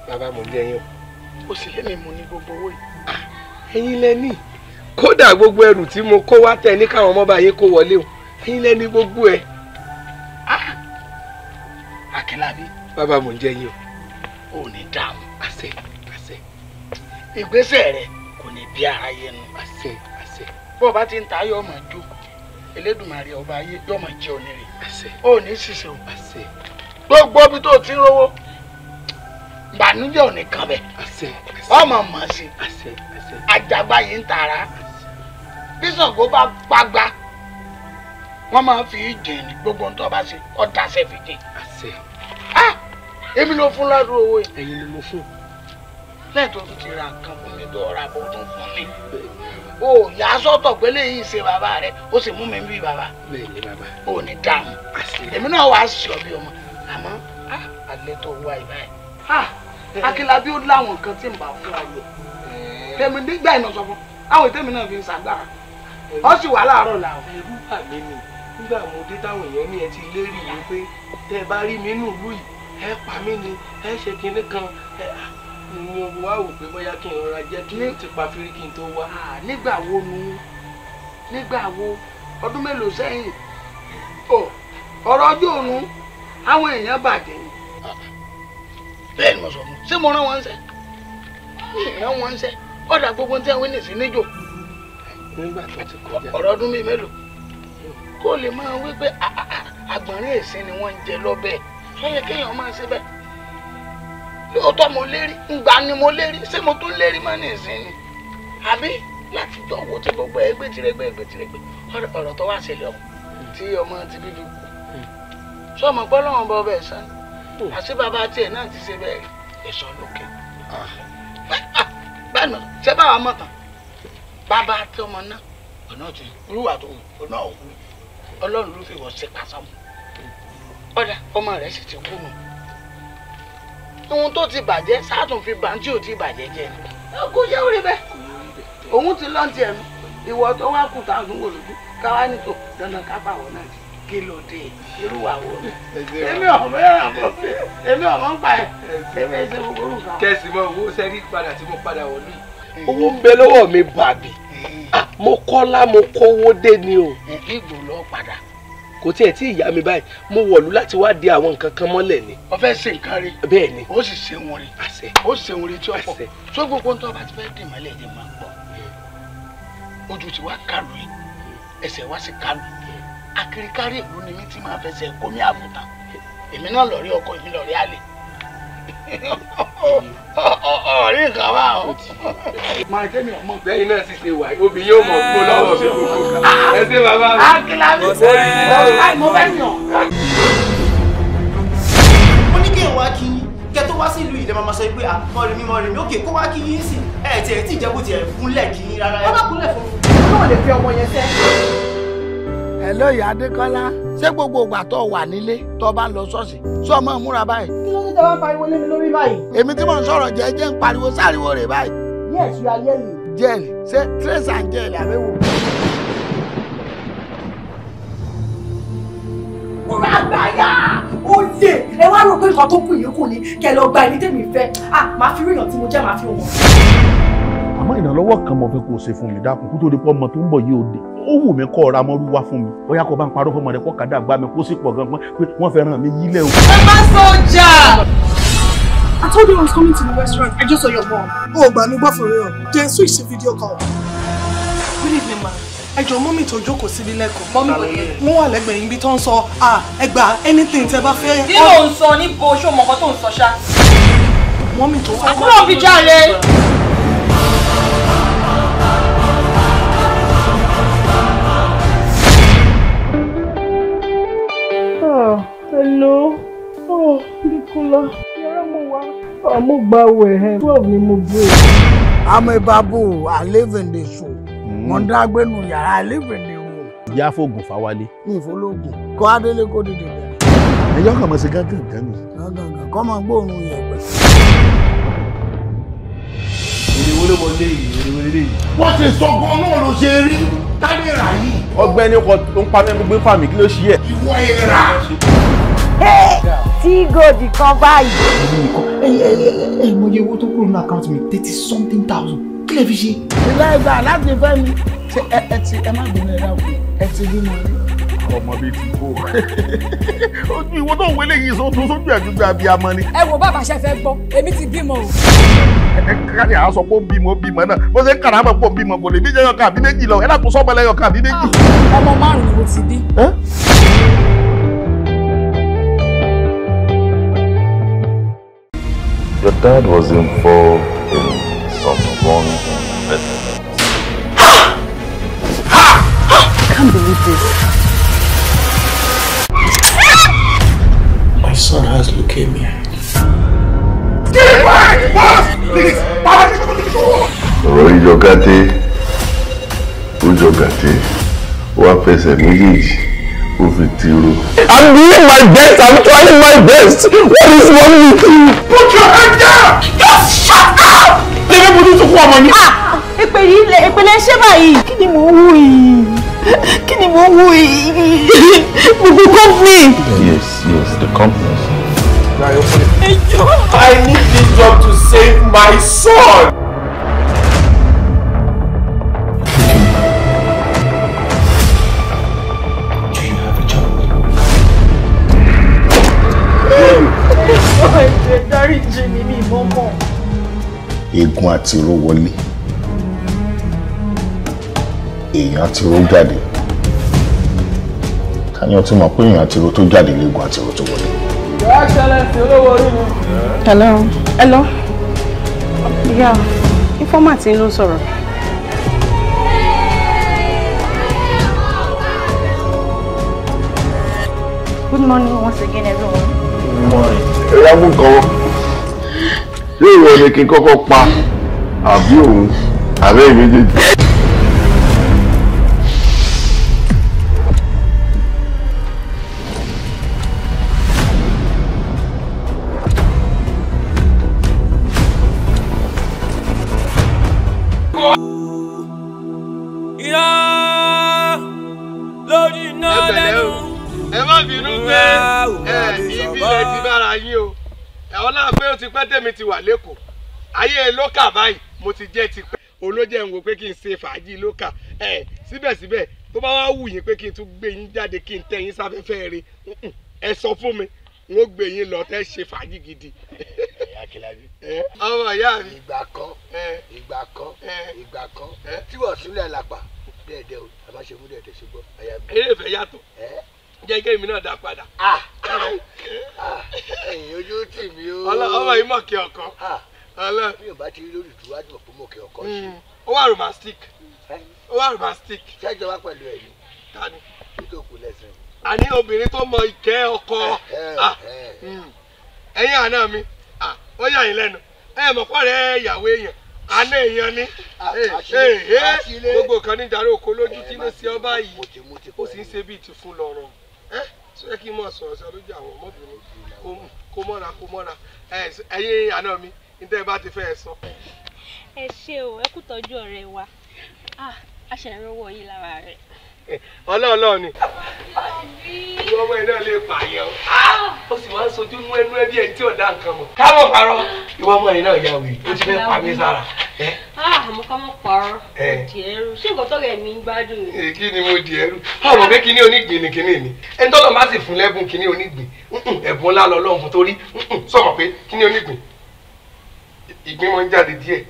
bàbá mò ń bí ẹyin o. o sì lè mú ní gbogbo owó yìí. Ah, ẹ̀yin lẹ́ni kódà gbogbo ẹrù tí mo kó wá tẹ ní káwọn ọmọ báyé kó wọlé o ẹ̀yin lẹ́ni gbogbo ẹ̀. Ah! akínlábí. bàbá mò ń jẹ yín o. ò ní dààmú. àṣẹ àṣẹ. ìgbésẹ̀ rẹ kò ní bí ara yẹn àṣẹ àṣẹ. bó o bá ti ń ta ayé ọmọ ju Elédùmarè ọba ayé yọmọ jẹ onírè. àṣẹ. o ní sísè o. àṣẹ. gbogbo ibi tó o ti ń rówó gbanújẹ́ ò ní kan bẹ̀ ọmọ mọ̀ sí àjàgbá yìí ń tara bí Ṣàngó bá pagba wọ́n máa fi jìn ní gbogbo ohun tó bá ṣe ọ̀dà ṣẹ̀fìdì èmi ló fún ládùú owó yìí. ẹ̀yin ni mo fún. lẹ́yìn tó tún ti ra nǹkan fún mi tó ra bó tún fún mi. o yà á sọ́tọ̀ pé léyìí ṣe bàbá rẹ ó sì mú mi bí bàbá. bẹ́ẹ̀ni bàbá. o ní dààmú. èmi náà wàá sọ bí ọmọ àmọ́ alẹ́ tó wá ibà yìí akínlábí ó láwọn nǹkan tí ń bá fún ọ lò tèmi nígbà iná sọ fún àwọn ìtẹ́mi náà fi ń ṣàgbára ó sì wà láàárọ̀ làwọn. ẹrú bà mí ni nígbà mo dé táwọn èèyàn ní ẹ ti lérí mi pé tẹ ẹ bá rí mi nù lù yìí ẹ pa mí ni ẹ ṣe kinní kan ẹ mo wá wò pé bóyá kí n rọra jẹ kí n ti pa fírí kí n tó wá. nígbà wo nu nígbà wo ọdún mélòó sẹ́yìn ọ̀rọ̀ ọjọ́ òru àwọn èèyàn bàjẹ́ yìí bẹ́ẹ̀ ni mo sọ fún un ṣé mo rán wọn ń sẹ́ rán wọn ń sẹ́ ọ̀dà gbogbo tí àwọn ènìyàn sì níjò ọ̀rọ̀ ọdún bíi mélòó kó lè máa wí pé àgbọ̀nrín èsìn ni wọ́n ń jẹ lọ́bẹ̀ lọ́yẹ kéèyàn máa ṣe bẹ́ẹ̀ lóòótọ́ mo lérí ngbà ni mo lérí ṣé mo tún lérí má ní ìsìn ni àbí láti jọ wo tí gbogbo ẹgbẹ́ tirẹgbẹ́ ẹgbẹ́ tirẹgbẹ́ ọ̀rọ̀ tó wá ṣẹlẹ̀ ọmọ tí ọmọ ti bí dùn sọ hmm. gbọ́ lọ́wọ́ bọ́ bẹ́ẹ̀ sani mọ́tò. àṣé bàbá tiẹ̀ náà ti ṣe bẹ́ẹ̀. èso lókè. bẹ́ẹ̀ náà ṣé báwa mọ̀ tán bàbá tí ọmọ náà ọ̀nà ti olúwa tó wù ọ̀nà òun ọlọ́run ló fi wọ́n ṣe pàṣàmù ọ̀dà ọmọ rẹ̀ sì ti kú nù. ohun tó ti bàjẹ́ sátún fi bá tí ò ti bàjẹ́ jẹ ni. kó jẹ́ orí bẹ́ẹ̀ òun ti lọ́ọ̀tì ẹnu ìwọ tó wá kù tá a dúró lójú káwá nìtò dandan ká bá wọn náà jẹ kí ló dé irú wa wo ni èmi ọmọ yàrá mọ èmi ọmọ ń pa ẹ èmi ẹ ṣe gbogbo nǹkan. kẹsì mọ owó sẹ́rí padà tí mo padà wọlé. owó ń bẹ lọ́wọ́ mi bàbí eh. ah, mo kọ́lá mo kówó dé ni o. Eh, ìgbò lọ padà. kò tiẹ̀ tí ìyá mi báyìí mo wọ̀lú láti wá di àwọn nǹkan kan mọ́lẹ̀ ni. o fẹ́ ṣe nǹkan rí. bẹ́ẹ̀ ni. o sì ṣe wọn rí. àṣẹ. o ṣe wọn rí tí o pọ̀. àṣẹ. gbogbo ntọ́ bá ti fẹ́ dì mọ́lẹ̀ yìí máa ń pọ̀. Hmm. ojú ti wá kálù yìí hmm. ẹsẹ̀ wá sí kálù yìí hmm akirikárí ìlú ni mi ti máa fẹsẹ̀ kó mi àbùtà èmi náà lọ́ọ́rí ọkọ mi lọ́ọ́rí àlè ọ̀rí nǹkan wà o. máa kẹ́mi ọmọ ọgbẹ́ iná sì ṣe wà obìnrin yóò mọ̀ kó lọ́wọ́ mi gbogbo kan ẹ ṣe bàbá mi. akílá mi ṣe é mo fẹ́ yàn. mo ní kí n wá kí yín kẹ tó wá sí ìlú ìdẹ́mọ̀ máa sọ pé mọ̀rin mi mọ̀rin mi òkè kó wá kí yín sí ẹ̀ tiẹ̀ tí ìjẹ́bù tiẹ̀ gúnlẹ̀ kí yín rárá. ọlọ́kùnrin lè fún mi. ọlọ́run lè fi ọmọ yẹn sẹ́ hello ìyá adékọ́lá ṣé gbogbo ìgbà tó wà nílé tó bá lọ ṣọ́ọ̀ṣì sọ ọmọ ìmúra báyìí. kí ló dé tẹ wá ń pariwo lé mi lórí báyìí. èmi tí mò ń sọ̀rọ̀ jẹ́ jẹ́ ń pariwo sáriwo rè báyìí. yes you are yelling. jẹ́ẹ̀lì ṣé trace and jẹ́ẹ̀lì àbẹ̀wò. múra gbáyà oyè ẹ wá rò pé nǹkan tó kù yìí kù ni kẹ lọ ẹni tẹ́mi fẹ́ ah màá fi rí ìyàn tí mo jẹ́ màá fi wọ̀n ìrànlọ́wọ́ kan mo fẹ́ kó o ṣe fún mi dákun kó tó di pọ́ ọmọ tó ń bọ̀ yìí ó dé ó wù mí kọ́ ọ̀ra mọ́rú wá fún mi bóyá kó bá ń parọ́ fọmọ rẹ kó kàdá gbá mi kó sì pọ̀ gan-an pé wọ́n fẹ́ ràn mí yílẹ̀ o. ẹ má sọ ọjà. I told you I was coming to the restaurant. I just saw your mom. Ó gbà mí gbọ́ for real. Then switch to video call. Good evening, ma. Ẹ jọ̀ọ́ mọ́mì tó jókòó síbi lẹ́kọ̀ọ́. Mọ́mì wò yẹ. Wọ́n wà lẹ́gbẹ̀ẹ́ ibi tó ń sọ, ah, ẹ gba anything tẹ bá fẹ́. Bí mò ń sọ níbo ṣó mọ̀ nǹkan tó ń sọ ṣá. Mọ́mì tó wà. Àkúrò fi jáde. Ah, hello. Oh, ah, Nicola. Yàrá mo wá. Àmú ah, eh, twelve ni mo gbé. I'm a babu. I live in the show. Hmm. Mo ń dágbé nu yàrá. I live in the room. Ìyá fògùn fáwálé. Mi ìfọlọ́gùn. Kọ́ Adélé kó dìde bẹ̀rẹ̀. Ẹ̀yọ́ kàn mọ̀ sí gángan gángan. Gángan gángan. Kọ́ máa gbóòórùn yẹ̀pẹ̀ èrèwó ló wọlé yìí èrèwó lélẹ̀ yìí. wọ́n ti sọ gan náà ló ṣe rí kámẹ́rà yìí. ọ̀gbẹ́ni ọkọ tó ń pa mẹ́mú gbé fàmì kí ló ṣe yẹ. ìwọ ìrà. tí gòdì kan báyìí. ẹ mo yẹ owó tó kúrò nínú àkáǹtì mi thirty something thousand kí lè fi ṣe. ìlà ìgbà láti fẹ́ mi ṣe ẹ ti ẹ má bínú ẹ dákun ẹ ti bínú ẹ ọmọ bíi ti kó ojú ìwọ tó ń wọlé yìí sójú sójú ẹ̀dúgbò abiyamọ ni. ẹ wo bàbá ṣe fẹ́ gbọ́ èmi ti bímọ o. ẹ kárí àwọn sọ pé ó ń bímọ ó bímọ náà bó ṣe ń kàrà mọ̀ pé ó ń bímọ kò lè bí jẹyọ kan méjì lọ ẹ dàkú sọ́mọ lẹ́yọ kan méjì. Ah, ọmọ márùn ni mo ti bí. Your dad was involved in some wrong investment. I can't believe this. son has leukemia. Stay quiet! Please, Please! please! ìjọgàtẹ́ ó jọgàtẹ́ wá fẹsẹ̀ méjèèjì I'm doing my best I'm trying my best what is wrong with you. Put your hand down. Just shut up. Let me put it to ọmọ ni. Ah, yìí èpèlè ṣé báyìí. Kí ni mò ń wù yìí? Kí ni mò ń wù yìí? Yes the company. I need this job to save my son! Do you have a child? Egun àti ró wọlé, èèyàn àti ró jáde èèyàn ti mọ̀ pé èèyàn àti tó jáde léegun àti ro tó wọlé. your excellence olówó orí mi. hello hello ìyá ifeoma tí ń ló sọ̀rọ̀. good morning once again everyone. good morning. ẹ̀yà mú kan yóò wọlé kí n kọ́kọ́ pa àbí òun àbẹ́ ìméjèèjì. lókà báyìí mo ti jẹ́ ti pẹ́ olójẹ́ ń wo pé kí n ṣe fàájì lókà ẹ̀ síbẹ̀síbẹ̀ tó bá wá wù yín pé kí n tún gbé yín jáde kí n tẹ́ yín sáfẹ́fẹ́ rẹ̀ ẹ sọ fún mi n ó gbé yín lọ tẹ́ ṣe fàájì gidi. ọmọ ìyá mi. ìgbà kan ìgbà kan ìgbà kan tí wọ́n sílẹ̀ lápá dẹ́ẹ̀dẹ́ o àbá ṣe mú dẹ́ẹ̀dẹ́ ṣe gbọ́ eré ìfẹ́ yàtọ̀ jẹ́gẹ́ mi náà dá padà. Ah. Ah, ẹ̀yin ojú tì mí o. ọlọ́mọ yìí mọ̀ kí ọkọ. Ah mi ò bá ti rí lórí ìdúró àjùmọ̀ pé mo kẹ́ ọkọ ṣe. Hmm. ó wà romastic ó wà romastic. ṣẹ́jọba pẹ̀lú ẹ̀ ni. ta ni. nítòkù lẹ́sìn. àní obìnrin tó mọ ìkẹ́ ọkọ hmm. ẹ̀yin àná mi ó yà yín lẹ́nu ẹ̀ mọ̀pọ̀ rẹ̀ ìyàwó èèyàn àná èèyàn ni eh, eh, eh. gbogbo kan ní darí oko lójú tí ló ṣe ọ báyìí ó sì ń ṣe bíi ti fún lọ́rọ̀ ẹ ṣé kí n mọ sọ̀rọ̀ sọ̀rọ̀ lójú àwọn ọmọbìnrin kó mọ́ra kó mọ́ra ẹ̀yin àná mi níta ẹ bá ti fẹ́ ẹ sọ. ẹ ṣe o ẹ kú tọ́jú ọ̀rẹ́ wa ah, a ṣe ìrànwọ́ yìí lára rẹ̀. ọlọ́ọ̀lọ́ ni ọmọ ẹ náà lè pààyàn ah! ó sì wá ń sojú nú ẹnu ẹbí ẹ tí ò dá nǹkan mọ̀. káwọn parọ́ ìwọ ọmọ ẹ náà yà wí ó ti fẹ́ pa mí sára. àmọ́ ká mọ̀ parọ́ mo ẹrú ṣé nǹkan tọ́lẹ̀ mi ń gbádùn. kí ni mo di ẹrú ọmọ pé kíní onígbìn ni kíní ni ẹni tọ́lọ̀ má sì fún lẹ́bùn kíní onígbìn ẹ̀bùn ńlá lọ́lọ́run torí sọ̀rọ̀ pé kíní onígbìn ìgbín máa ń jáde díẹ̀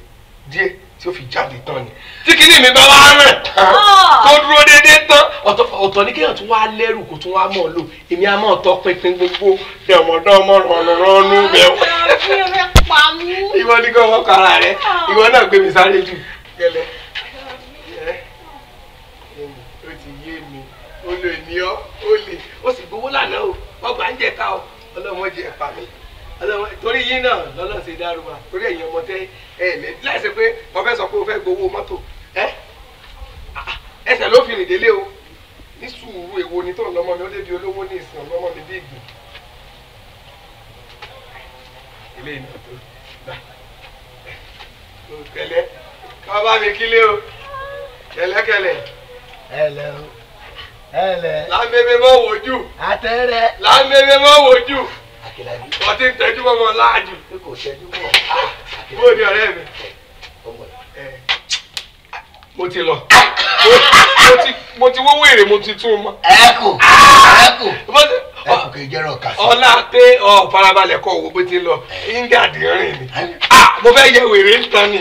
díẹ̀ tí ó fi jáde tán ni tí kinní mi bá wá rẹ̀ tán tó dúró déédéé tán ọ̀tọ̀ ní kéèyàn tún wá lẹ́rù kó tún wá mọ̀ lò èmi á mọ̀ tọ́ pinpin gbogbo dẹ̀mọ̀dánmọ̀ rànrànrànú ah, bẹ́ẹ̀ wọ́n. ìwọ ní kí wọ́n ara rẹ ah. ìwọ náà gbé mi sáré jù gẹ́lẹ́ eh, ó ti yé mi ó lè ní ọ ó lè ó sì gbowó lánàá o ọgbà ń jẹta o ọlọ́mọ jẹ ẹ̀pà mi torí yín náà lọ́lọ́ ṣe dárò torí ẹ̀yin ọmọ tẹ́ láìsí pé mo fẹ́ sọ pé o fẹ́ gbowó mọ́tò ẹ ẹsẹ̀ ló fi rìn o ní sùúrù èwo ni tó ń lọ́mọ mi ó débi olówó ní ìsìn ọlọ́mọ mi bí ìgbìn ilé ìnà tó gbà kẹlẹ kí wọ́n bá mi kílé o kẹlẹkẹlẹ. ẹ o ẹ lẹ. lámbébé wojú. àtẹrẹ. lámbébé mọ wojú. Àkìlàbí. wọ́n ti ń tẹ́jú mọ́ wọn láàjù. pé kò ṣẹ́jú mọ́ Àkìlàbí. Ah, bóde ọ̀rẹ́ mi. mo ti lọ mo ti wọ́wọ́ èrè mo ti tún un mọ́. ẹ kù ah! ẹ kù ẹ kù kì í jẹ́rọ̀ kà sí. ọlá pé ọ farabalẹ̀ kọ owó bó ti lọ ingadi rìn ni ah, mo fẹ́ yẹ wèrè ń tan ni.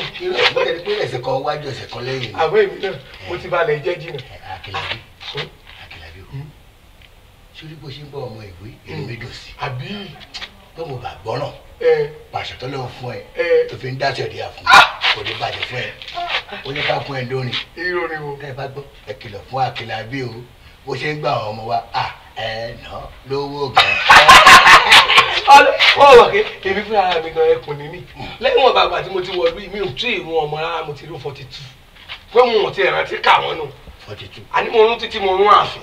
mo tẹ̀lé pé ẹsẹ̀ kan wájú ẹsẹ̀ kan lẹ́yìn. àbọ̀ náà mo ti balẹ̀ jẹ́ jìnnà sórí bó ṣe ń bọ ọmọ ìwé èrè mi dùn sí. àbí tó mo bà gbọ́ràn pàṣẹ tó lọ́wọ́ fún ẹ tó fi ń dáṣọ ìdí àfún ah! kò ní bàjẹ́ fún ẹ ó ní ká fún ẹ lónìí. irú ni o. tẹ́ ẹ bá gbọ́ ẹ kìlọ̀ fún àkìlà bí o bó ṣe ń gba àwọn ọmọ wa à ẹ nà lówó gan-an. wọ́n wọ̀ èmi fúnra ara mi gan ẹkùn ní mí hmm. lẹ́yìn wọn bàgbà tí mo ti wọlú mi ò tí ì ọmọ rárá mo ti rún forty two pé mo mọ̀ ti ẹ̀rántí kà wọ́n nù. forty two. àní mo rún títí mo rún ààfin.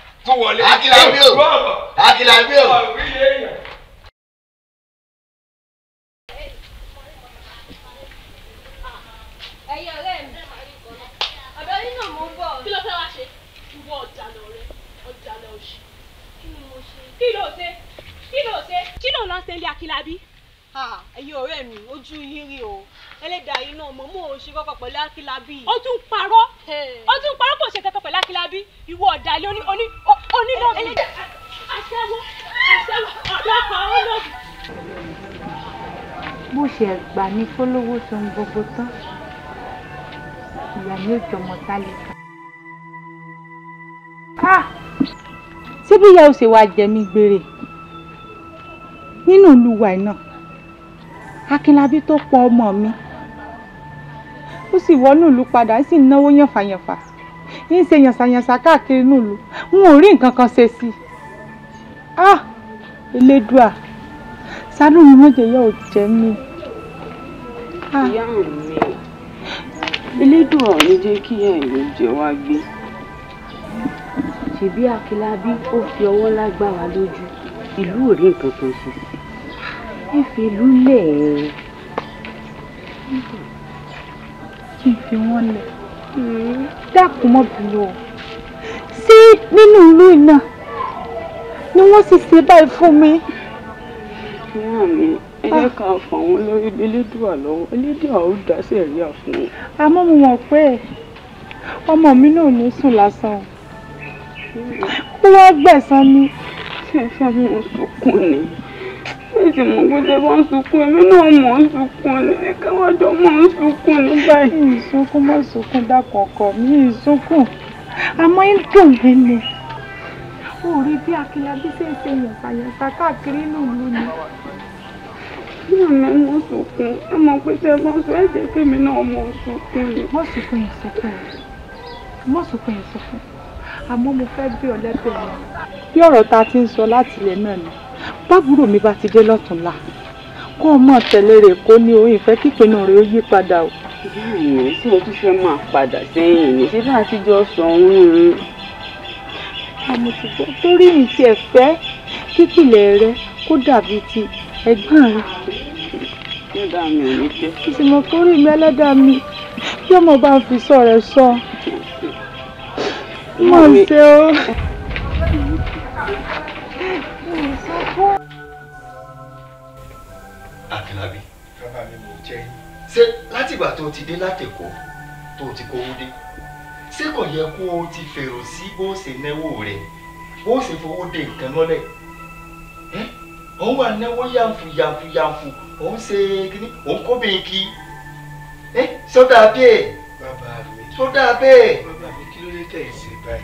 tó wọlé. akílábí o akílábí o. ẹ̀yin o mi ọ̀dọ̀ yín náà mo ń bọ̀ kí ló fẹ́ wá ṣe ìwọ ọ̀dàlẹ̀ ọ̀rẹ́ ọ̀dàlẹ̀ òṣì kí ni mo ṣe. kí ló ṣe kí ló ṣe kí ló lọ ṣe ilé akílábí ẹ̀yin ọ̀rẹ́ mi ojú yín rí o ẹlẹ́dàá yìí náà mọ̀ mọ́ ò ṣe kọ́kọ́ pẹ̀lú akílábí. ó tún parọ́ ó tún parọ́ kò ṣe kẹ́kọ̀ọ́ pẹ̀lú akílábí ìwọ ọ̀dàlẹ̀ oní oní onílọ́ọ̀bì. aṣẹ́wó aṣẹ́wó ọ̀dọ́kọ̀ olóògùn. mo ṣe ẹ̀gbà ní fọlọ́wọ́ tó ń gbogbo tán ìyá mi ò jọmọ tálẹ́kà. ṣé bí ìyá ò ṣe wá jẹ mí gbére nínú ìlú wa náà. Akínlábí tó pọ ọmọ mi ó sì wọnú ìlú padà ó sì náwó yànfàyànfà ń ṣe yànṣàyànṣà káàkiri nílùú wọn ò rí nǹkan kan ṣe sí i ah elédùà sánú mi méje yóò jẹ mí. Ah! ìyá mi elédùà ò ní jẹ́ kí ẹ̀mí jẹ wá gbé. ṣèbí Akínlábí ó fi ọwọ́ lágbá wa lójú ìlú ò rí nǹkan kan ṣe sí i ẹ fi lúlẹ̀ kí n fi wọ́n lẹ̀ dákun mọ́ bínú o ṣé nínú ìlú iná ni wọ́n sì ṣe báyìí fún mi. ìyá mi ẹ jẹ́ ká fà wọ́n lórí ibi elédùà lọ́wọ́ elédùà ó dá sí ẹ̀rí àfún un. àmọ́ mo mọ̀ pé ọmọ mi náà ní sùn lásán o wọ́n gbẹ̀san ni. ṣé ẹ fẹ́ mú un sọkún ni èsì mọ̀ pé tẹ bá ń sunkún èmi náà mọ̀ ń sunkún ni káwájọ mọ̀ ń sunkún ní báyìí. mi ì sunkún mọ́ sunkún dákọ̀ọ̀kọ̀ mi ì sunkún àmọ́ ń dùn mí ni. o rí bí akínyàbí ṣe ń ṣe yànfàyànfà káàkiri inú ìlú ni. mi ò ní mọ̀ sunkún ẹ mọ̀ pé tẹ bá ń sun ẹ̀jẹ̀ kémi náà mọ̀ sunkún ni. mọ̀ sunkún yẹn sunkún mọ̀ sunkún yẹn sunkún àmọ́ mo fẹ́ bí ọ̀lẹ́bẹ̀ẹ́ bí ọ̀rọ̀ ta ti ń sọ láti ilẹ̀ náà ni bábúrò mi bá ti dé lọ́túnla kó o mọ̀ tẹ̀lé rẹ̀ kó ní òun ìfẹ́ kípinnu rẹ̀ ó yí padà o. ìyẹn tí mo tún fẹ́ máa padà sẹ́yìn ni ṣé bá a ti jọ sọ òun. àmọ́ ṣùgbọ́n torí mi ti ẹ̀ fẹ́ kíkìlẹ̀ rẹ kó dàbí ti ẹ̀gbọ́n rẹ. ẹlẹ́dàá mi ò ní fẹ́. ìsìnkú orí mi ẹlẹ́dàá mi yọmọ bá ń fi sọ rẹ sọ. mo ṣe o. Akínlábí. bàbá mi mò ń látìgbà tó ti dé látẹ̀kọ́ tó ti kówó dé ṣé kò yẹ ti fèrò sí bó ṣe náwó rẹ bó ṣe fowó dé nǹkan òun wà náwó òun ṣe kíní òun kó bẹ́ẹ̀ kí síbẹ̀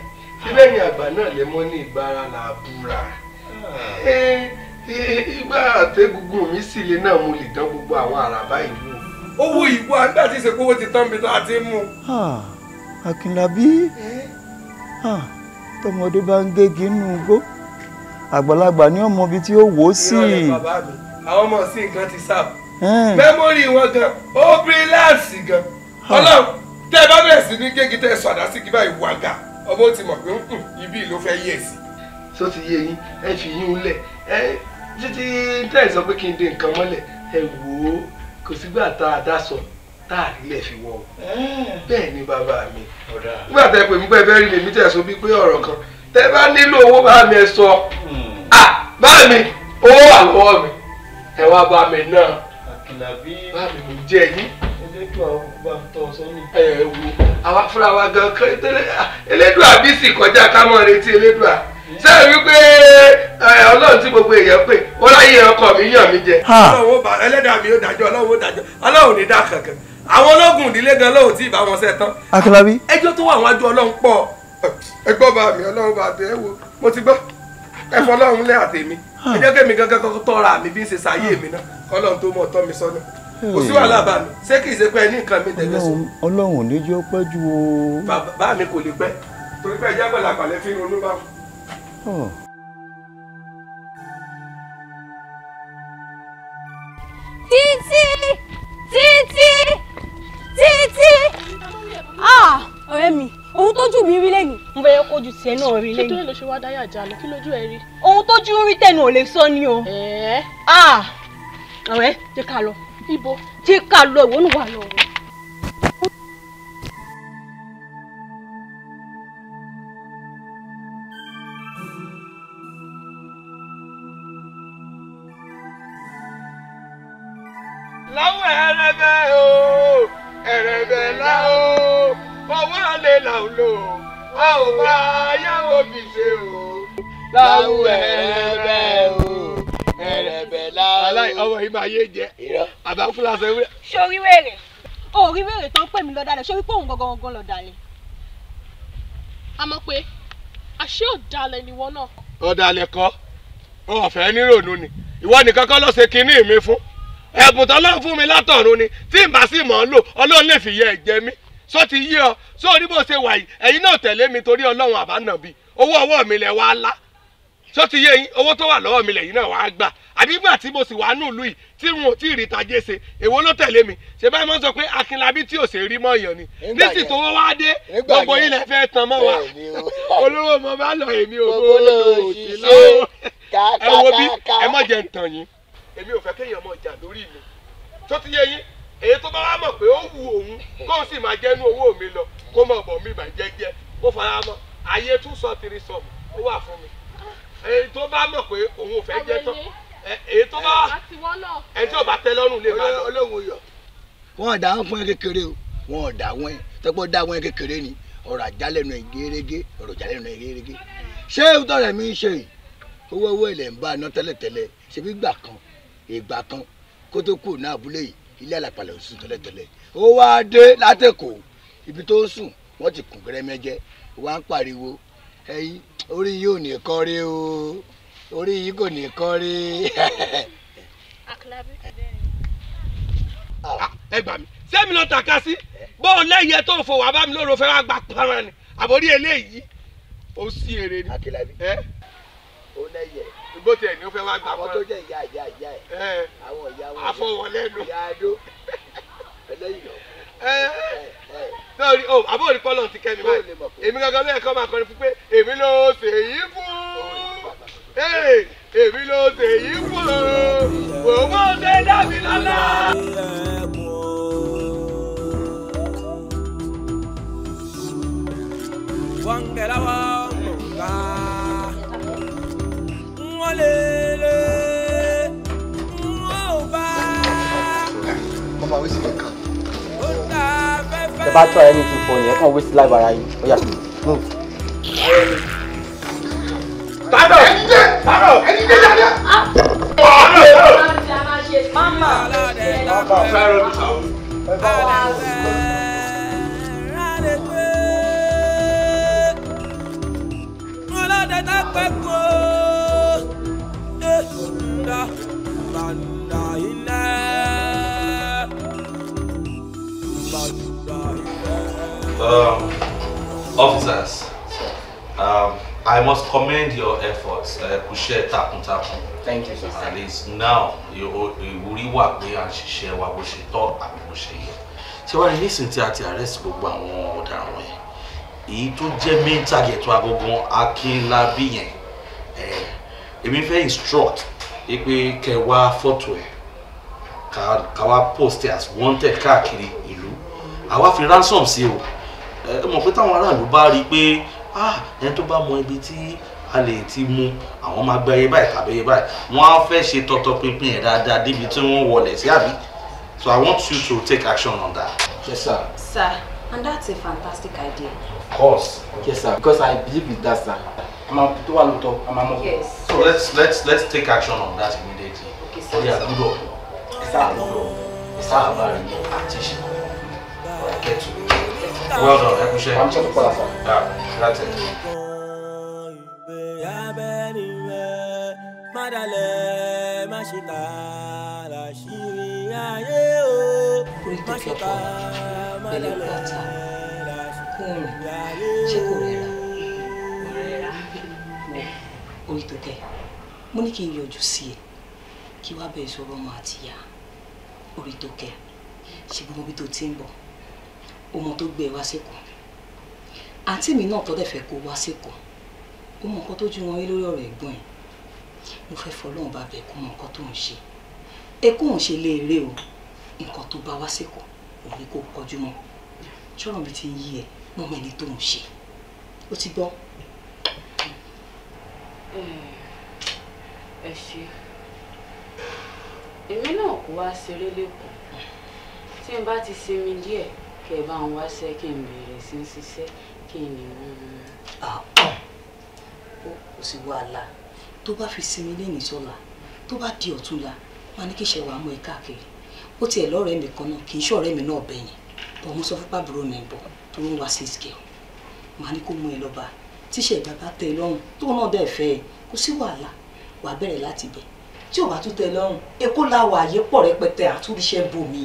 ìgbà àtẹ́gùgùn mi sì lé náà mo lè dán gbogbo àwọn àràbá ìlú owó ìwọ àgbà tí ìsìnkú owó ti tán mi tá mú. Akínlábí tọmọdé bá ń gégi inú igbó àgbàlagbà ní ọmọ ibi tí ó wò ó sí. àwọn ọmọ sí nǹkan ti sá mẹ́mórì wọn gan ó bíríláàsì gan ọlọ́run tẹ́ bá bẹ̀rẹ̀ sí ní gégi tẹ́ ẹ sọ̀dá sí kí báyìí wàgà ọmọ ó ti mọ̀ pé ibi ló fẹ́ yẹ̀ sí. sọ ti yé yín ẹ fi yín lẹ̀ ẹ títí tẹ́ẹ̀ sọ pé kí n dé nǹkan mọ́lẹ̀ ẹ wò ó kò sígbà tá a dá sọ táàrí lẹ̀ fi wọ̀ bẹ́ẹ̀ ni bàbá mi nígbà tẹ́ pè mí pé bẹ́ẹ̀ rí lèmi tẹ̀ sọ bí pé ọ̀rọ̀ kan tẹ́ bá nílò owó bá mi ẹ sọ à hmm. ah, bá mi owó wà lọ́wọ́ mi ẹ wá bá mi náà bá mi mo jẹ yín ẹ wo àwa fúnra wa gan elédùà bí sì kọjá ká mọ̀ retí elédùà ṣé o wípé ọlọ́run tí gbogbo èèyàn pè ó láyé ọkọ mi yàn mí jẹ. ọlọ́run ó bá ẹlẹ́dàá mi ó dájọ́ ọlọ́run ó dájọ́ ọlọ́run ò ní dá kankan àwọn ológun ìdílé gan lóhùn tí ìbá wọn ṣe tán. akílábí. ẹjọ́ tó wà àwọn àjọ ọlọ́run pọ̀ ẹgbọ́n bá mi ọlọ́run bá bẹ ẹ wo mo ti gbọ́ ẹ fọ ọlọ́run lẹ́ àtẹ̀mí ẹjọ́ kẹ́mi gangan kọ́kọ́ tọ́ra mi bí ń ṣe ṣàyè mi náà kọ́lọ́run tó mọ̀ tọ́ mi sọ́nà kò sí wàhálà bá mi ṣé kì í ṣe pé ẹ ní nǹkan mi tẹ̀lé sùn. ọlọ́run ò ní jẹ́ ó pẹ́ ju o. bàbá mi kò lè pẹ́ torí pé ẹjẹ́ pẹ̀lú àgbàlẹ́ fi ronú bá wọn. Titi, Titi, Titi. ah ọ̀rẹ́ mi ohun tójú mi rí lẹ́yìn. mo fẹ́ yẹ kójú tiẹ̀ náà rí lẹ́yìn. kí ló ṣe wá dáyà jalè kí lójú ẹ rí. ohun tójú rí tẹnu ò lè sọ ni o. ẹ̀ẹ́ ah ọ̀rẹ́ jẹ́ ká lọ. ibo jẹ́ ká lọ ìwọ nù wà lọ. owó àlè là ń lò a ò bá yàwó fi ṣe o. láwù ẹrẹbẹ o ẹrẹbẹ láwù. aláì ọmọ yìí máa yé jẹ àbáfúlà sọ ewúrẹ́. sori wèrè orí wèrè tán pè mí lọ dalẹ̀ sori pé òun gangan gangan lọ dalẹ̀. àmọ́ pé àṣé ọ̀dàlẹ̀ nìwọ náà. ọ̀dàlẹ̀ kọ́ ọ̀fẹ́ nírònú ni ìwọ nìkan kọ́ ló ṣe kinní mi fún ẹ̀bùn tọ́lọ́ fún mi látọ̀run ni tí n bá sì mọ̀ ọ́ lò ọlọ́run lè fìyà ẹ̀ jẹ mí sọ ti yí ọ sọ oníbò ṣe wà yìí ẹ̀yin náà tẹ̀lé mi torí ọlọ́run àbánàbí owó ọwọ́ mi lẹ̀ wá lá sọ ti yé yín owó tó wà lọ́wọ́ mi lẹ̀yin náà wàá gbà àbí gbà tí mo sì wà nù lù yìí tí n ò tí ì rí tajé ṣe èwo ló tẹ̀lé mi ṣe báyìí mo sọ pé akínlábí tí ò ṣe rí mọ́ èèyàn ni nísì tó wọ́n wá dé gbogbo yín lẹ fẹ́ tan mọ́ wa olówó mo bá lọ èmi ògbó òsì lọ́wọ́ ẹ wo bí ẹ mọ̀ jẹ́ ń tàn yín èmi ò fẹ́ kéèyàn mọ̀ jà lórí mi sọ ti yé yín èyí tó bá wá mọ̀ pé ó wu òun kóun sì máa jẹ́nu owó mi lọ kó mọ̀ bọ̀ mí bàjẹ́ jẹ́ kó fara mọ́ ayé tún sọ tiri sọ ó wà fún mi èyí tó bá mọ̀ pé òun ò fẹ́ jẹ́ tán èyí tó bá ẹ tí ò bá tẹ́ lọ́rùn lè máa lọ. olóhùn yọ wọn ọ̀dà wọn fún ẹ kékeré o wọn ọ̀dà wọn ẹ tẹ́pọ̀ dá wọn ẹ kékeré ni ọ̀rọ̀ àjálẹ̀nu ẹ̀ gẹ́rẹ́gẹ́ ọ̀rọ̀ àjálẹ̀nu ẹ̀ gẹ́rẹ́gẹ́ ṣé ìtọ́ rẹ̀ mi ń ṣe yìí owó owó ilẹ̀ ń bá iná tẹ́lẹ̀tẹ́lẹ̀ ṣe bí gbà kan ìgbà kan kó tó kù ní abúlé yìí ilé àlàpàlẹ̀ ò sùn tẹ́lẹ̀tẹ́lẹ̀ ó wá dé látẹ̀kọ̀ ibi tó ń sùn wọ́n ti kùn gẹ́rẹ́mẹ́jẹ́ wá ń pariwo ẹyin orí yìí ò ní kọ́ rí o orí yìí kò ní kọ́ rí. Ah. Ah, ẹ gbà mí sẹ́mi ló tàka sí bó o lẹ́yẹ tó fò wá bá mi lóru fẹ́ wá gba paran ni àbórí eléyìí ó sí èrè ni. Akílábí ó lẹ́yẹ bó tiẹ̀ ní o fẹ́ wá gbà fún ẹ. àwọn tó jẹ́ ìyá ìyá ìyá ẹ̀ àwọn ìyá wọn. afọwọlẹ́nu. ìyá adó ẹlẹ́yìn lọ. sọ́ọ́rí o àbóòrí pọ́lọ̀ ti kẹ́ mi báyìí èmi gangan ló yẹ kó máa kọrin fún pé èmi ló ṣèyí fún èmi ló ṣèyí fún òwò ṣe dábì lọ́la. Wangela wa mongana lélẹ̀ n ò bá. bàbá wíṣí lè kàn. ó ta fẹ́fẹ́. ẹ bá tọ́ ẹni tí fọ yẹn kàn wíṣí láì bára yín ó yà move. tádọ̀ tádọ̀. commend your efforts kò ṣe takuntakun thank you sir at least now ìwúrí wà pé à ń ṣiṣẹ́ wa bó ṣe tọ́ àbí bó ṣe yẹ tí wàá ní nísìnyí tí a ti arrest gbogbo àwọn ọ̀daràn wọ̀nyí èyí tó jẹ́ main target wa gangan Akínlábí yẹn èmi fẹ́ instruct pé kẹ wá fọ́tò ẹ̀ ká wá post as wanted káàkiri ìlú àwa fi ransom sí o ẹ mọ̀ pé táwọn aráàlú bá rí i pé ah ẹni tó bá mọ ibi tí a lè ti mú àwọn máa gbẹ ẹyẹ báyìí tàbí ẹyẹ báyìí wọ́n á fẹ́ ṣe tọtọpinpin ẹ̀ dáadáa débi tí wọ́n wọlé sí àbí so i want you to take action on that. yes sir. sir and that's a fantastic idea. of course. yes sir because i believe in that sir. I'm a tó wà lóòótọ́ I'm a yes. so let's let's let's take action on that immediately. okay sir. oya dúró. sir dúró. sir abari àti ìṣègùn. ọ̀rẹ́ Well done, ẹ kú ṣẹ́. Wọ́n ń tọ́jú pọ̀lá fún. Láti. Mádàlẹ̀ má ṣe ta làṣírí ayé o. Orí tó fi ọ̀pọ̀ pẹ̀lú pátá kó rìn ṣé kò rẹ̀ rà? Kò mo ní kí n yọjú sí ẹ kí wàá bẹ̀rẹ̀ sọ̀rọ̀ ọmọ àtìyá. Orí tó kẹ̀, ṣe gbogbo bí tó ti ń bọ̀ ọmọ tó gbé ẹ wá sẹ́kọ̀ọ́ àǹtí mi náà tọ́lẹ̀ fẹ́ kó wá sẹ́kọ̀ọ́ ó mọ nǹkan tó ju wọn rí lórí ọ̀rọ̀ ẹ̀gbọ́n ẹ̀ mo fẹ́ fọlọ́run bá bẹ̀ kó mọ nǹkan tó ń ṣe ẹ kó òun ṣe lé eré o nǹkan tó bá wá sẹ́kọ̀ọ́ òun ni kò kọjú mọ́ ṣọ́rọ̀ mi ti ń yí ẹ mọ́ mọ ẹni tó ń ṣe ó ti gbọ́. ẹ ṣe èmi náà kó wá ṣeré lẹ́kọ̀ọ́ tí n bá ti sinmi díẹ̀ kẹ ẹ bá ń wáṣẹ́ kí n bẹ̀rẹ̀ sí ń ṣiṣẹ́ kí n nìyẹn. àpọ̀n ah, ah. ó kò sí wàhálà tó bá fi sinmi lẹ́yìn sọ́la tó bá di ọ̀túnla wọn ní kí ṣe wàá mú ẹ káàkiri ó tiẹ̀ lọ́rẹ̀ẹ́ mi kan náà kì í ṣọ̀rẹ́ mi náà bẹ̀yìn bọ̀ mo sọ fún pàbúrò mi bọ̀ tó ń wá six girl màá ní kó mú ẹ lọ́ba tíṣẹ́ ìgbàgbà tẹ lọ́rùn tó náà dẹ̀ fẹ́ ẹ kò sí wàhálà wàá bẹ̀rẹ̀ láti bẹ̀ tí ò bá tún tẹ lọ́rùn èkó làwọn àyè pọ̀ rẹpẹtẹ àtúnṣe bomi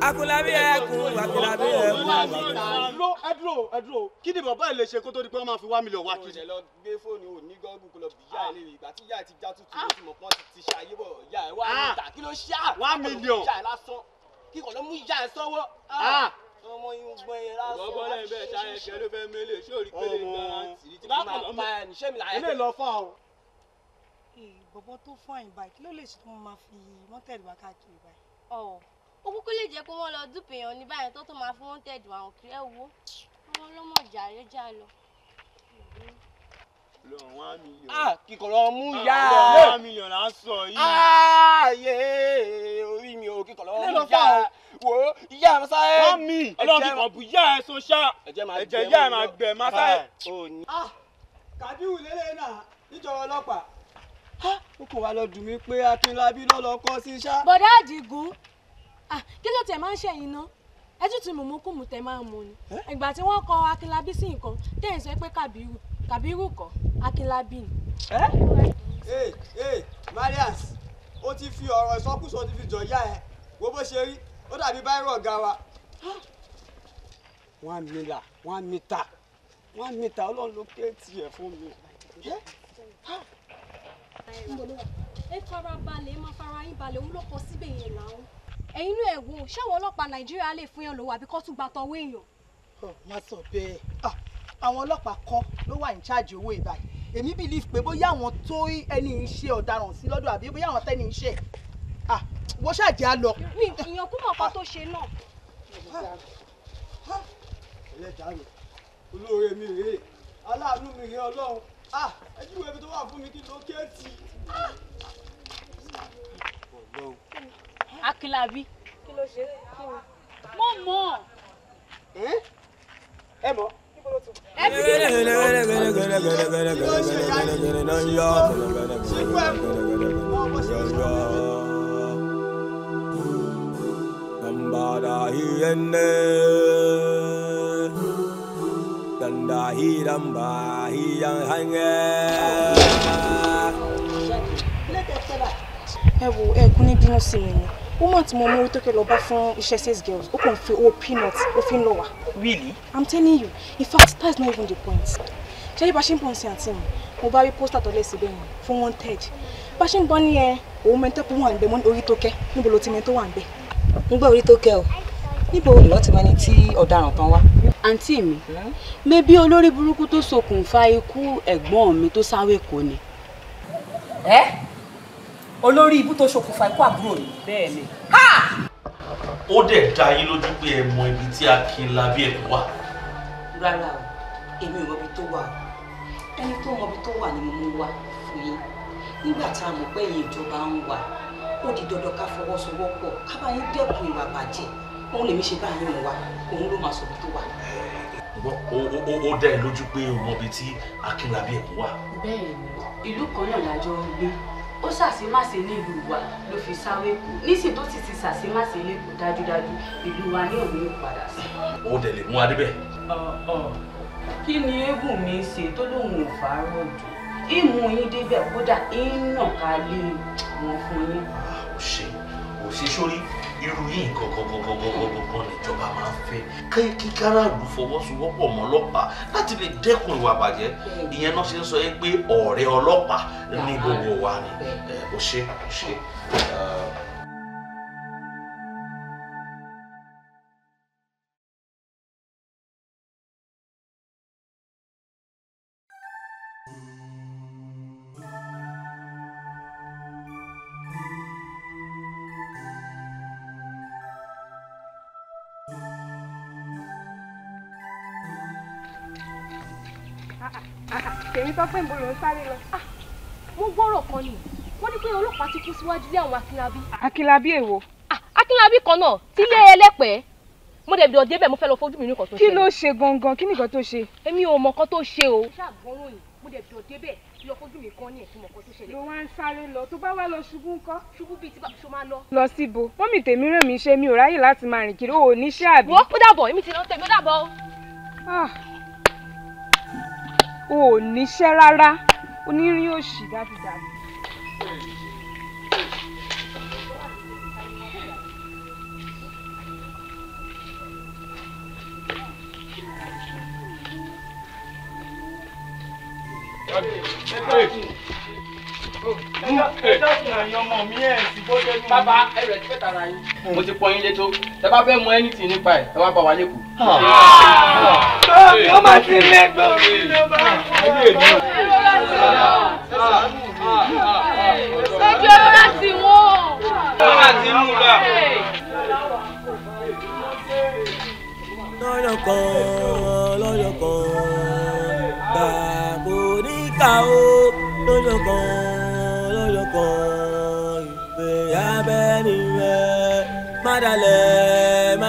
Akúnlábí ẹkùn Akúnlábí ẹkùn. ẹdúró ẹdúró ẹdúró kí ni bàbá ẹ ṣe kó tó di pé wọn máa fi wá mílíọ̀nù wá kiri. ìṣẹ̀lẹ̀ lọ gbé fóònù ò ní gọ́ọ̀gù kó lọ bí yá ẹ léèrè tí yá ẹ ti já tutù ló ti mọ̀ pọ́n ti ṣe ayé bọ̀ yá ẹ wá níta ah! kí ló ṣá wá mílíọ̀nù yá ẹ lásán kí kò yá ẹ sọ́wọ́ ah! Ah! ọmọ yìí gbọ́n yẹn lásán. ọgbọ́n eh, tó fún àyìnbá kí ló lè ṣe tó máa fi mọ́tẹ̀lì wákàtí ìbá yìí. Oh ó kúkú lè jẹ́ pé wọ́n lọ dúpèèyàn ní báyìí tó tó máa fi wọ́n tẹ̀dù àwọn kiri ẹ̀ wo ọmọ ọlọ́mọ jàre já lọ. Ah, kíkọ̀rọ̀ mú ah, yá one million là ń sọ yìí. ààyè ah, orí mi ò kíkọ̀rọ̀ mú yá wo ìyá mi sáré. wọ́n mi ọlọ́run kíkọ̀ bù yá ẹ̀ sọ́ṣà ẹ̀jẹ̀ yá ẹ̀ máa gbẹ̀ máa sáré. kàbíwù lélẹ̀ náà níjọba ọlọ́pàá ó kò wá lọ dùn mí pé Akínlábí ló lọ kọ́ sí ṣá. bọ̀dá àdìgún Ah, kí ló tẹ̀ máa ń ṣẹ̀yìn náà ẹ tún ti mùmúkùmù tẹ̀ máa ń mu ni ìgbà tí wọ́n kọ akínlábí sí nǹkan tẹ̀yìn sọ pé kàbírù kàbírù kọ́ akínlábí ni. ee ee marias ó ti fi ọ̀rọ̀ ìsọkúsọ ti fi jọ yá ẹ wo bó ṣe rí ó dàbí báírò ọ̀gá wa. wọ́n á mi là wọ́n mi ta wọ́n mi ta ọlọ́run ló ké tiẹ̀ fún mi ẹ fara balẹ̀ ẹ máa fara yín balẹ̀ òun ló kọ síbẹ̀ yẹn làwọn ẹ̀yin inú ẹ̀ wo ṣáwọn ọlọ́pàá nàìjíríà lè fún yàn lówó àbí kó tún gba tọwọ́ èèyàn. má sọ bẹ́ẹ̀ ah, àwọn ọlọ́pàá kọ́ ló wà ní ṣáàjì owó ìbàyí èmi believe pé bóyá àwọn tó ẹni iṣẹ́ ọ̀daràn sí lọ́dọ̀ àbí bóyá àwọn tẹ́ni iṣẹ́ ah, wo ṣáàjì á lọ. mi ìyàn kúmọ̀ kan tó ṣe náà. ẹlẹ́dàá mi olóore mi rèé aláàánú mi rèé ọlọ́run ah, ẹjú wo ibi tó wà fún mi kí ló kéètì. ọlọ́run Akínlábí. Ah, kí ló ṣe kí ni. mo mọ̀. ẹ mọ̀ ẹ wo ẹ woman tí mo mú tó kẹ lọ bá fún iṣẹ́ sales girls ó kàn fi owó peanuts ó fi ń lọ wá. really. i'm telling you in fact that is not even the point. ṣé bá ṣe ń bọ̀ sí àǹtí mi mo bá rí pósítà tó lẹ́sìn bẹ́ẹ̀ yẹn fún wanted bá ṣe ń gbọ́ ní ẹ òun mẹ́tọ́ pé wà ń bẹ mọ́ orí tó kẹ́ níbo ló ti mẹ́tọ́ wà ń bẹ. nígbà orí tó kẹ́ o níbo ìwọ ti mẹni tí ọ̀daràn kan wá. àǹtí mi mebí hmm? olórí burúkú tó ṣokùnfà ikú ẹ̀gbọ́n mi tó sáwé kò ní. ẹ́ olórí ibú tó ṣokùnfà ikú àbúrò ni. bẹ́ẹ̀ni. ó dẹ̀ dá yín lójú pé ẹ mọ ibi tí Akínlábí ẹ̀ wà. rárá o èmi ò mọ ibi tó wà ẹni tó mọ ibi tó wà ni mo mú wá fún yín nígbà tá a mọ̀ pé ẹ̀yin ìjọba ń wà ó di dandan ká fọwọ́sowọ́pọ̀ ká bá yín dẹ́kun ìwà bàjẹ́ òun lèmi ṣe bá yín mọ̀ wá òun ló máa sọ ibi tó wà. ó dá lójú pé o mọ ibi tí Akínlábí ẹ̀ wà. bẹ́ẹ̀ni ìlú kan náà lájọ gbé ó ṣàṣemáṣe ní ìlú wa ló fi sáwé kú nísìn tó sì ti ṣàṣemáṣe lẹ́kọ̀ọ́ dájúdájú ìlú wa ní òní ò padà sí. ó dẹ̀ lè mú adébẹ̀. kí ni eégún mi ṣe tó lóun ò fàárọ̀ jù ìmú yín débẹ̀ kódà ìnàkálẹ̀ wọn fún yín. ó ṣe ó ṣe sórí ìròyìn gọgọgọgọgọgọ níjọba máa ń fẹ́ kí káràlú fọwọ́sowọ́pọ̀ mọ́ ọlọ́pàá láti lè dẹ́kun ìwà bàjẹ́ ìyẹn náà ṣe ń sọ yẹn pé ọ̀rẹ́ ọlọ́pàá ní gbogbo wa ni ó ṣe ó ṣe. pé mo lọ sáré lọ ah, mo gbọ́rọ̀ kan ni wọ́n ní pé ọlọ́pàá ti kú síwájú ilé àwọn akínlábí. akínlábí èwo. Ah, akínlábí kan náà tílé ẹlẹ́pẹ̀ẹ́ mo dẹ̀ bí ọdẹ bẹ́ẹ̀ mo fẹ́ lọ fojú mi nìkan tó ṣe. kí ló ṣe gangan kí nìkan tó ṣe. èmi ò mọ nǹkan tó ṣe o. ṣàgbọ́rò yìí mo dẹ̀ bí ọdẹ bẹ́ẹ̀ lọ fojú mi kan ní ẹ̀sìn mọ̀kọ́ tó ṣẹlẹ̀. ló wá ń sáré lọ tó bá wá lọ ṣubú ńkọ́. ṣubú bíi ti bá ṣo máa lọ. lọ síbo mọ́mì tèmi rẹ̀ mi ṣe mi ò ráyè láti máa rìn kiri o ò ní ṣe àbí. wọ́n ó dàbọ̀ èmi ti rántẹ́ mi o ò níṣẹ́ rárá onírin òṣì dájúdájú. Thank you ẹjọ́ sùn àyàn ọmọ mo ti pọ́n yín létó tẹ bá fẹ́ mọ anything nípa ẹ̀ tẹ wá bá wa lẹ́kọ̀ọ́. Ah. Ah. ó máa ti lẹ́gbọ̀n mi ló bá bá ti wọ́n. bá ti mú bá. lọ́yọ̀ kan lọ́yọ̀ kan bàbá oníkà lọ́yọ̀ kan kan ìfẹ́ abẹ́ni rẹ̀ má dalẹ̀ má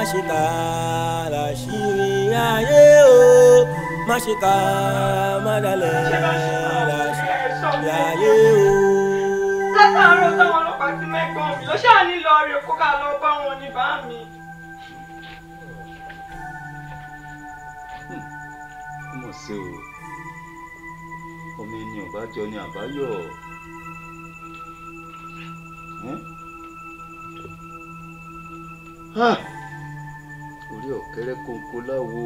ayé o má ṣe kà ayé o. látàárọ̀ táwọn ọlọ́pàá ti mẹ́gbọ́n mi ló ṣáà ní lọ rí okó ká lọ bá wọn ní mi. Hmm, mo ṣe o omi ni ọ̀bájọ ni àbáyọ̀. Hmm? Ah! orí ọ̀kẹ́rẹ́ kónkó láwo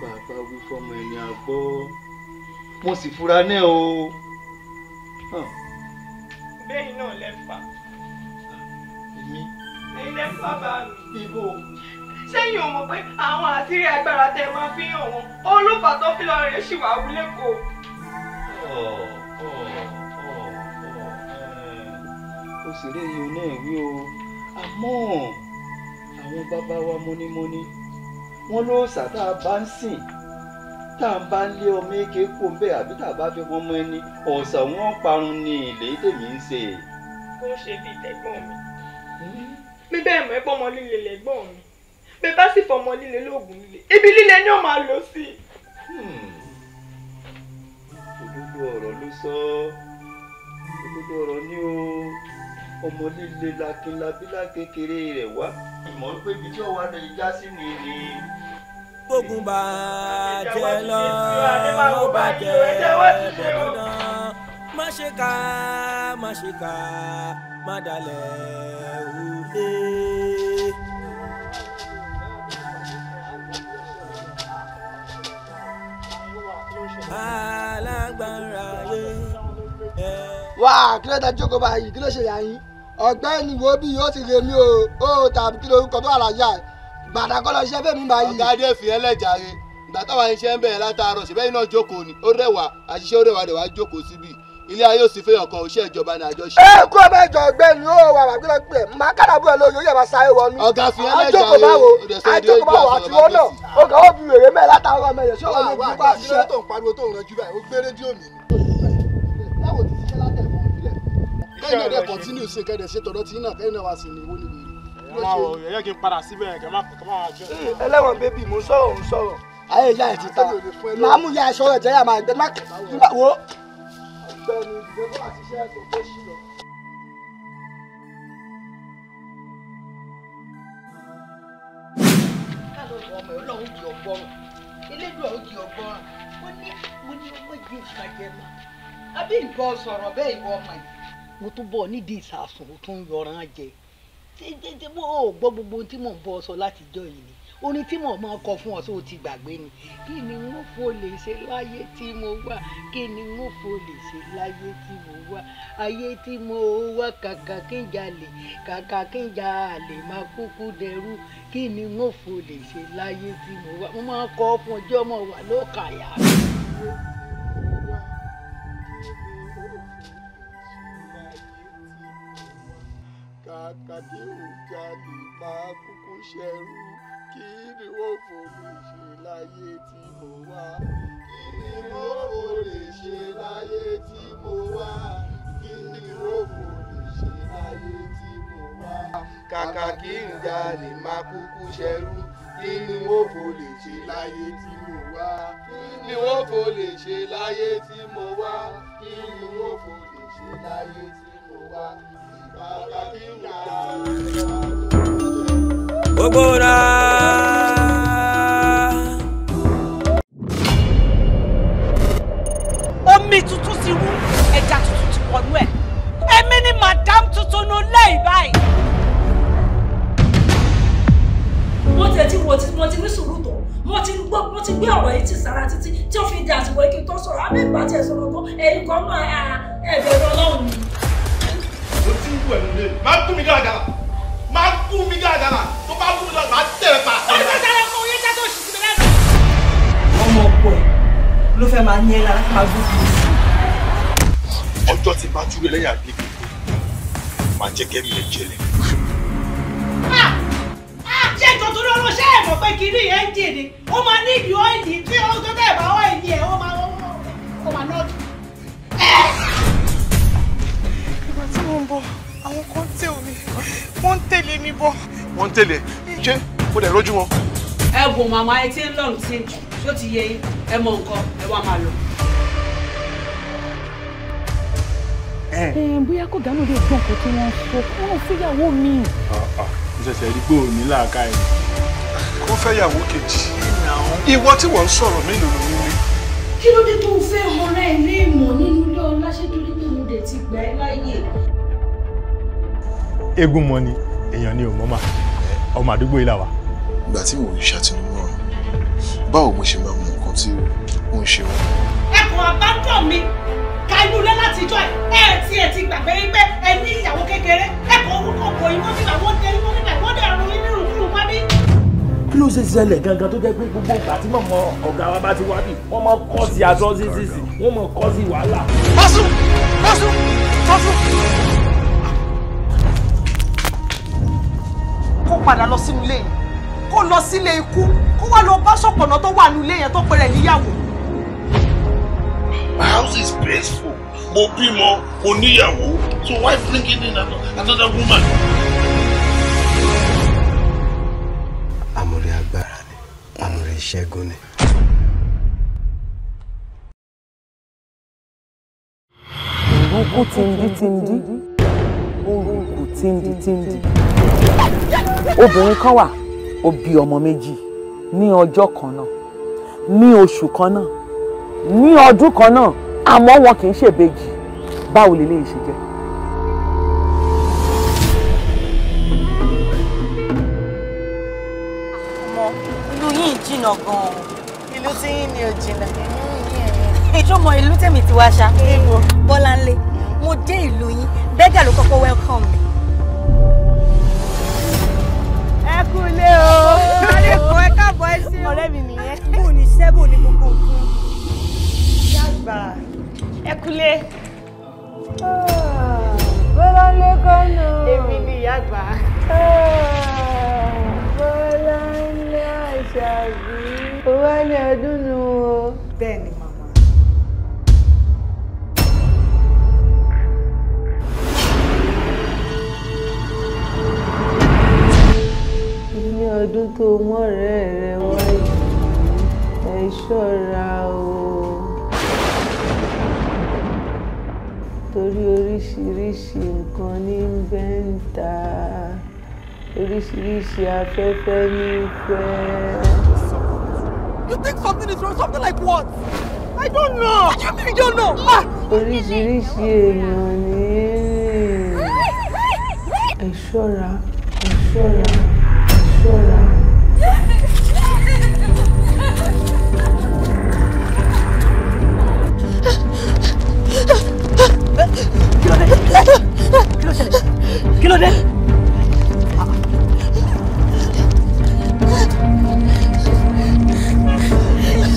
bàbá wí fọ́mọ ẹni àgbọ́ mo sì fura náà o. lẹ́yìn náà lẹ́fà. èmi. ẹ̀yin lẹ́fà bá mi. ibo. sẹ́yìn ò mọ̀ pé àwọn àtìrí agbára tẹ máa fi hàn wọn olùfà tó fi lọ rẹ̀ ṣì wà wúlé kó. ọ̀ọ́. sì léyìí oná ìwé o àmọ́ àwọn bàbá wa mọ́nímọ́ní wọ́n ló sàtà bá ń sìn tá à ń lé ọmọ èké kó ń bẹ àbí tá a bá fẹ́ mọ́mọ́ ẹni ọ̀sán wọn parun ní ilé tèmi ń ṣe. ó ṣe bíi tẹ̀gbọ́n mi bí bẹ́ẹ̀ mọ́ ẹgbọ́n ọmọ líle lẹ́gbọ́n mi bí bá sì fọ líle lóògùn líle ibi líle ni ó máa lọ sí. Hmm. olódò ọ̀rọ̀ ló sọ olódò ọ̀rọ̀ ni ó ọmọ líle lakinlabi lákékeré rẹ̀ wá. ìmọ̀ pé ibi tí ọwọ́ adé já sí ni ni. gbógun bá jẹ lọ ó bá jẹ dandan má ṣe ká má ṣe ká má dalẹ̀ òde. wá kí ló báyìí kí ṣe yà yín ọ̀gbẹ́ni wo bí yóò ti rè mí o ó tàbí kí lorúkọ tó wà láyà gbàdá kọ́ lọ iṣẹ́ fẹ́mi báyìí. ọ̀gá adé fi ẹlẹ́jà re ìgbà táwa iṣẹ́ ń bẹ̀rẹ̀ látàárọ̀ síbẹ̀ iná jókòó ni ó rẹwà àṣìṣe ó rẹwà rẹ̀ wá jókòó síbi ilé ayé òsì fẹ́yàn kan òṣìṣẹ́ ìjọba ní àjọṣe. ẹ kú ọmọ ẹjọ ọ̀gbẹ́ni ó wà wà gbẹlẹ pẹ má kádàbọ ẹ lóyún yẹ máa sáré wọnú. ọ̀gá fi ẹlẹjà rẹ àjọkò báwo àti wọn náà ọ̀gá ó fi wèrè mẹ látàárọ̀ mẹ yẹ sọ wọn ní ìdúpọ àṣìṣe. àwọn àṣìṣe tó ń pariwo tó ń ranjú báyìí ó gbé rédíò mi ni kẹ́yìn náà dẹ̀ kọ́ntínú ṣe kẹ́yìn ṣe tọ̀dọ̀ tí náà kẹ́yìn náà wá sí ni ìwọ ni wèrè. ẹ yẹ kí n padà síbẹ̀ kẹ́ máa máa jẹ. ẹlẹ́wọ̀n bébì mò sọ̀rọ̀ mò sọ̀rọ̀. ayé ìyá ẹ̀ ti ta màá mú ìyá ẹ̀ṣọ́ rẹ̀ jẹ́ yà máa má wo. ọ̀gbẹ́ni ìgbẹ́kọ̀ àti di ọgbọràn elédùn ọ̀hún ní mo ní ọmọ yìí ìkàjẹ́ mọ́ àbí nǹkan sọ̀rọ̀ bẹ́ẹ̀ ìwọ ọmọ yìí mo tún bọ̀ nídìí ìsàsùn mo tún yọran jẹ tètè bó o gbọ́ gbogbo ohun tí mò ń bọ́ ọ sọ látijọ́ yìí ni orin tí mò ń máa kọ fún ọ tó ti gbàgbé ni kí ni mo fò lè ṣe láyé tí mo wà kí ni mo fò lè ṣe láyé tí mo wà ayé tí mo wà kàkà kí n jalè kàkà kí n jalè máa kúkú dẹrú kí ni mo fò lè ṣe láyé tí mo wà mo máa kọ fún ọjọ́ mọ̀ wà lókàyà kàdíhù jalè máa kúkú ṣẹrú kí ni ó fò lè ṣe láyé tí mo wá. kí ni ó fò lè ṣe láyé tí mo wá. kí ni ó fò lè ṣe láyé tí mo wá. kàkà kí n jalè máa kúkú ṣẹrú kí ni ó fò ṣe láyé tí mo wá. kí ni ó fò ṣe láyé tí mo wá. kí ni ó fò ṣe láyé tí mo wá gbogbo ra. omi tuntun ti wú ẹja tuntun ti wọnú ẹ èmi ni madam tuntun ló lẹ́yìn báyìí. wọ́n tẹ̀ tí wọ́n ti wọ́n ti ní sùúrù tó wọ́n ti gbọ́ wọ́n ti gbé ọ̀rọ̀ yìí ti sára títí tí ó fi di àtìwọ́ kí n tó sọ̀rọ̀ àbí ìgbà tí ẹ sọ̀rọ̀ kan ẹ̀yìn kan náà ẹ̀ẹ́dẹ̀ẹ́dẹ̀ ọlọ́run ni kú ẹnu lé máa kú mi gàràgàrà máa kú mi gàràgàrà tó bá kú mi lọ máa tẹ̀lé pa. wọ́n ti sáré fún oyè sátó òṣìṣẹ́ mi lẹ́nu. ọmọ ọkọ ẹ ló fẹ́ máa ní ẹ lára máa gbé kú. ọjọ́ ti bá túwé lẹ́yìn àgbègbè máa jẹ́ kẹ́mi ẹ̀ jẹlẹ̀. Ah! Ah! ṣé ìtọ́jú lọ́rùn ṣé ẹ̀ mọ̀ pé kiri yẹn ń jèrè ó máa ní ìdí ọ́ìlì tí ó tó àwọn kan tẹ ò ní wọ́n ń tẹ̀lé mi bọ̀. wọ́n ń tẹ̀lé ṣé mo dẹ̀ rójú wọn. ẹ wò màmá ẹ tí ń lọrùn tí ń jù yóò ti yẹ yín ẹ mọ nǹkan ẹ wá máa lọ. bóyá kó dànù lè gbọ́n kó tí wọ́n sọ kó wọ́n fẹ́yàwó mi. Ah, ah. ṣẹ̀ṣẹ̀ rí pé òní làákà yìí. kó fẹ́yàwó kejì ìwọ tí wọ́n ń sọ̀rọ̀ mélòó ló ní ní. kí ló dé tó fẹ́ ọ̀rẹ́ ilé ìmọ̀ nínú ilé ọlá ṣé torí pé mo dẹ̀ ti gbà ẹ́ láàyè eégún mọ ni èèyàn ni ò mọ́ mà ọmọ àdúgbò yìí là wà. ìgbà tí mò ń ṣàtìlóyún ọ̀run báwo mo ṣe máa mọ nǹkan tí ó ń ṣe wọn. ẹkùn àbátọ mi kánú lẹ látijọ́ ẹ ẹ tí ẹ ti gbàgbé yín pé ẹ ní ìyàwó kékeré ẹkùn orúkọ kò yín wọn nígbà wọn dé yín wọn nígbà wọn dé ọrùn yín nírun kúrò wá bí. kí ló ṣe ṣẹlẹ̀ gangan tó jẹ́ pé gbogbo ìgbà tí màmá ọ̀gá wa bá ti wá bí wọ́n máa kọ́ sí aṣọ sísìsì wọ́n máa kọ́ sí wàhálà. fásún fásún fásún. kó padà lọ sínú ilé yìí kó lọ sílé ikú kó wá lọ bá ṣọ̀pọ̀nà tó wà nílé yẹn tó pẹ̀rẹ̀ níyàwó. my house is peaceful mo bímọ mo níyàwó so why bring in another woman. àmúrí agbára ni àmúrí ìṣẹ́gun ni. òun kú tìǹdí tìǹdí tí ń di tí ń di. obìnrin kan wà ó bí ọmọ méjì ní ọjọ́ kan náà ní oṣù kan náà ní ọdún kan náà àmọ́ wọn kì í ṣèbejì báwo lè léyìí ṣe jẹ́. ọmọ ìlú yìí jìnnà gan-an ìlú tí yín ni ò jìnnà ìjọmọ ìlú tèmi ti wá ṣá bọ́láńlé mo dé ìlú yín bẹ́gà ló kọ́kọ́ welcome mi kú ilé o. ọ̀rẹ́ kọ́ ẹ káàbọ̀ ẹ sí. ọ̀rẹ́ mi nìyẹn. bò ní sẹ́bù ní gbogbo nǹkan. yàgbà ẹ kúlé. Ah. bọ́lá lé kọ́nà. èmi ni yàgbà. Ah. bọ́lá ní àṣàbí. owó ni ọdún nu o. bẹ́ẹ̀ni. ọdún tó mọ́rẹ́ rẹ wáyé ẹ ṣọ́ra o torí oríṣiríṣi nǹkan ní ń bẹ ń ta oríṣiríṣi afẹ́fẹ́ ní fẹ́. You think something is wrong? Something like what? I don't know. What do you mean you don't know? Ah! Oríṣiríṣi èèyàn ni. Ẹ ṣọ́ra, ẹ ṣọ́ra. kí ló ṣẹlẹ̀ kí ló dé.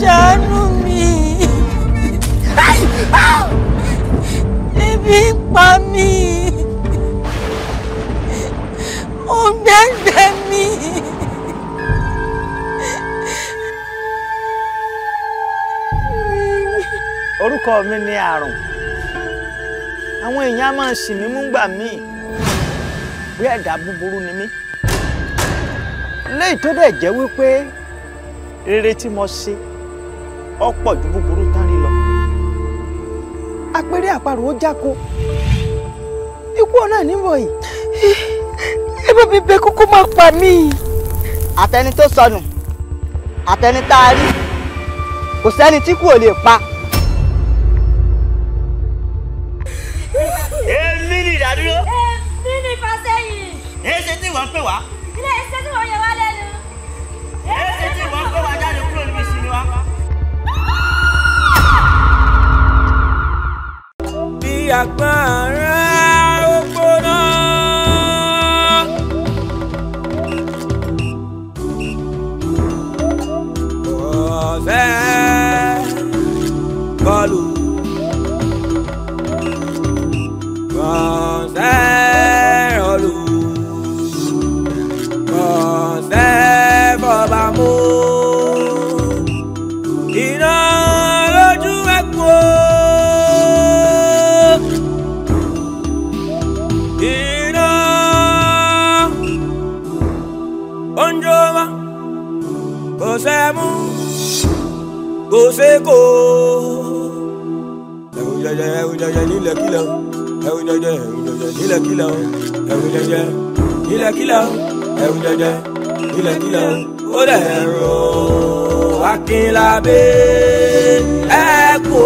ṣàánú mi ebi ń pa orúkọ mi ni àrùn àwọn èèyàn máa sì mí mú gbà míì bí ẹ̀dá búburú ni mí léyìí tó dẹ̀ jẹ́ wípé rere tí mo ṣe ó pọ̀ ju búburú tán rí lọ apẹ̀rẹ̀ àparò ó jáko ikú ọ̀nà níwọ̀ yìí ẹ bá mi bẹ̀ kókó má pa mí. àtẹni tó sọnù àtẹni tá a rí kò sẹ́ni tí kú lè pa. agbára. ẹ̀wù jẹjẹ ẹ̀wù jẹjẹ kílẹ̀kílẹ̀ o ẹ̀wù jẹjẹ kílẹ̀kílẹ̀ o ẹ̀wù jẹjẹ kílẹ̀kílẹ̀ o ó dẹ̀rọ Akínlábé ẹ̀kọ́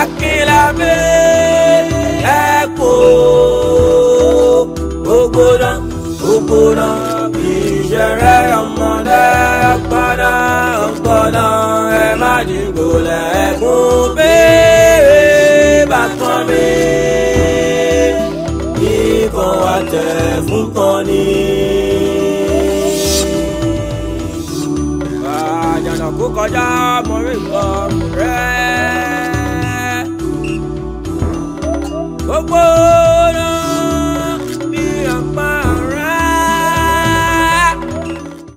Akínlábé ẹ̀kọ́ gbogbo náà gbogbo náà. tẹ̀ fún kan ni. àjànà kó kọjá mọ́rí nǹkan rẹ̀. gbogbo.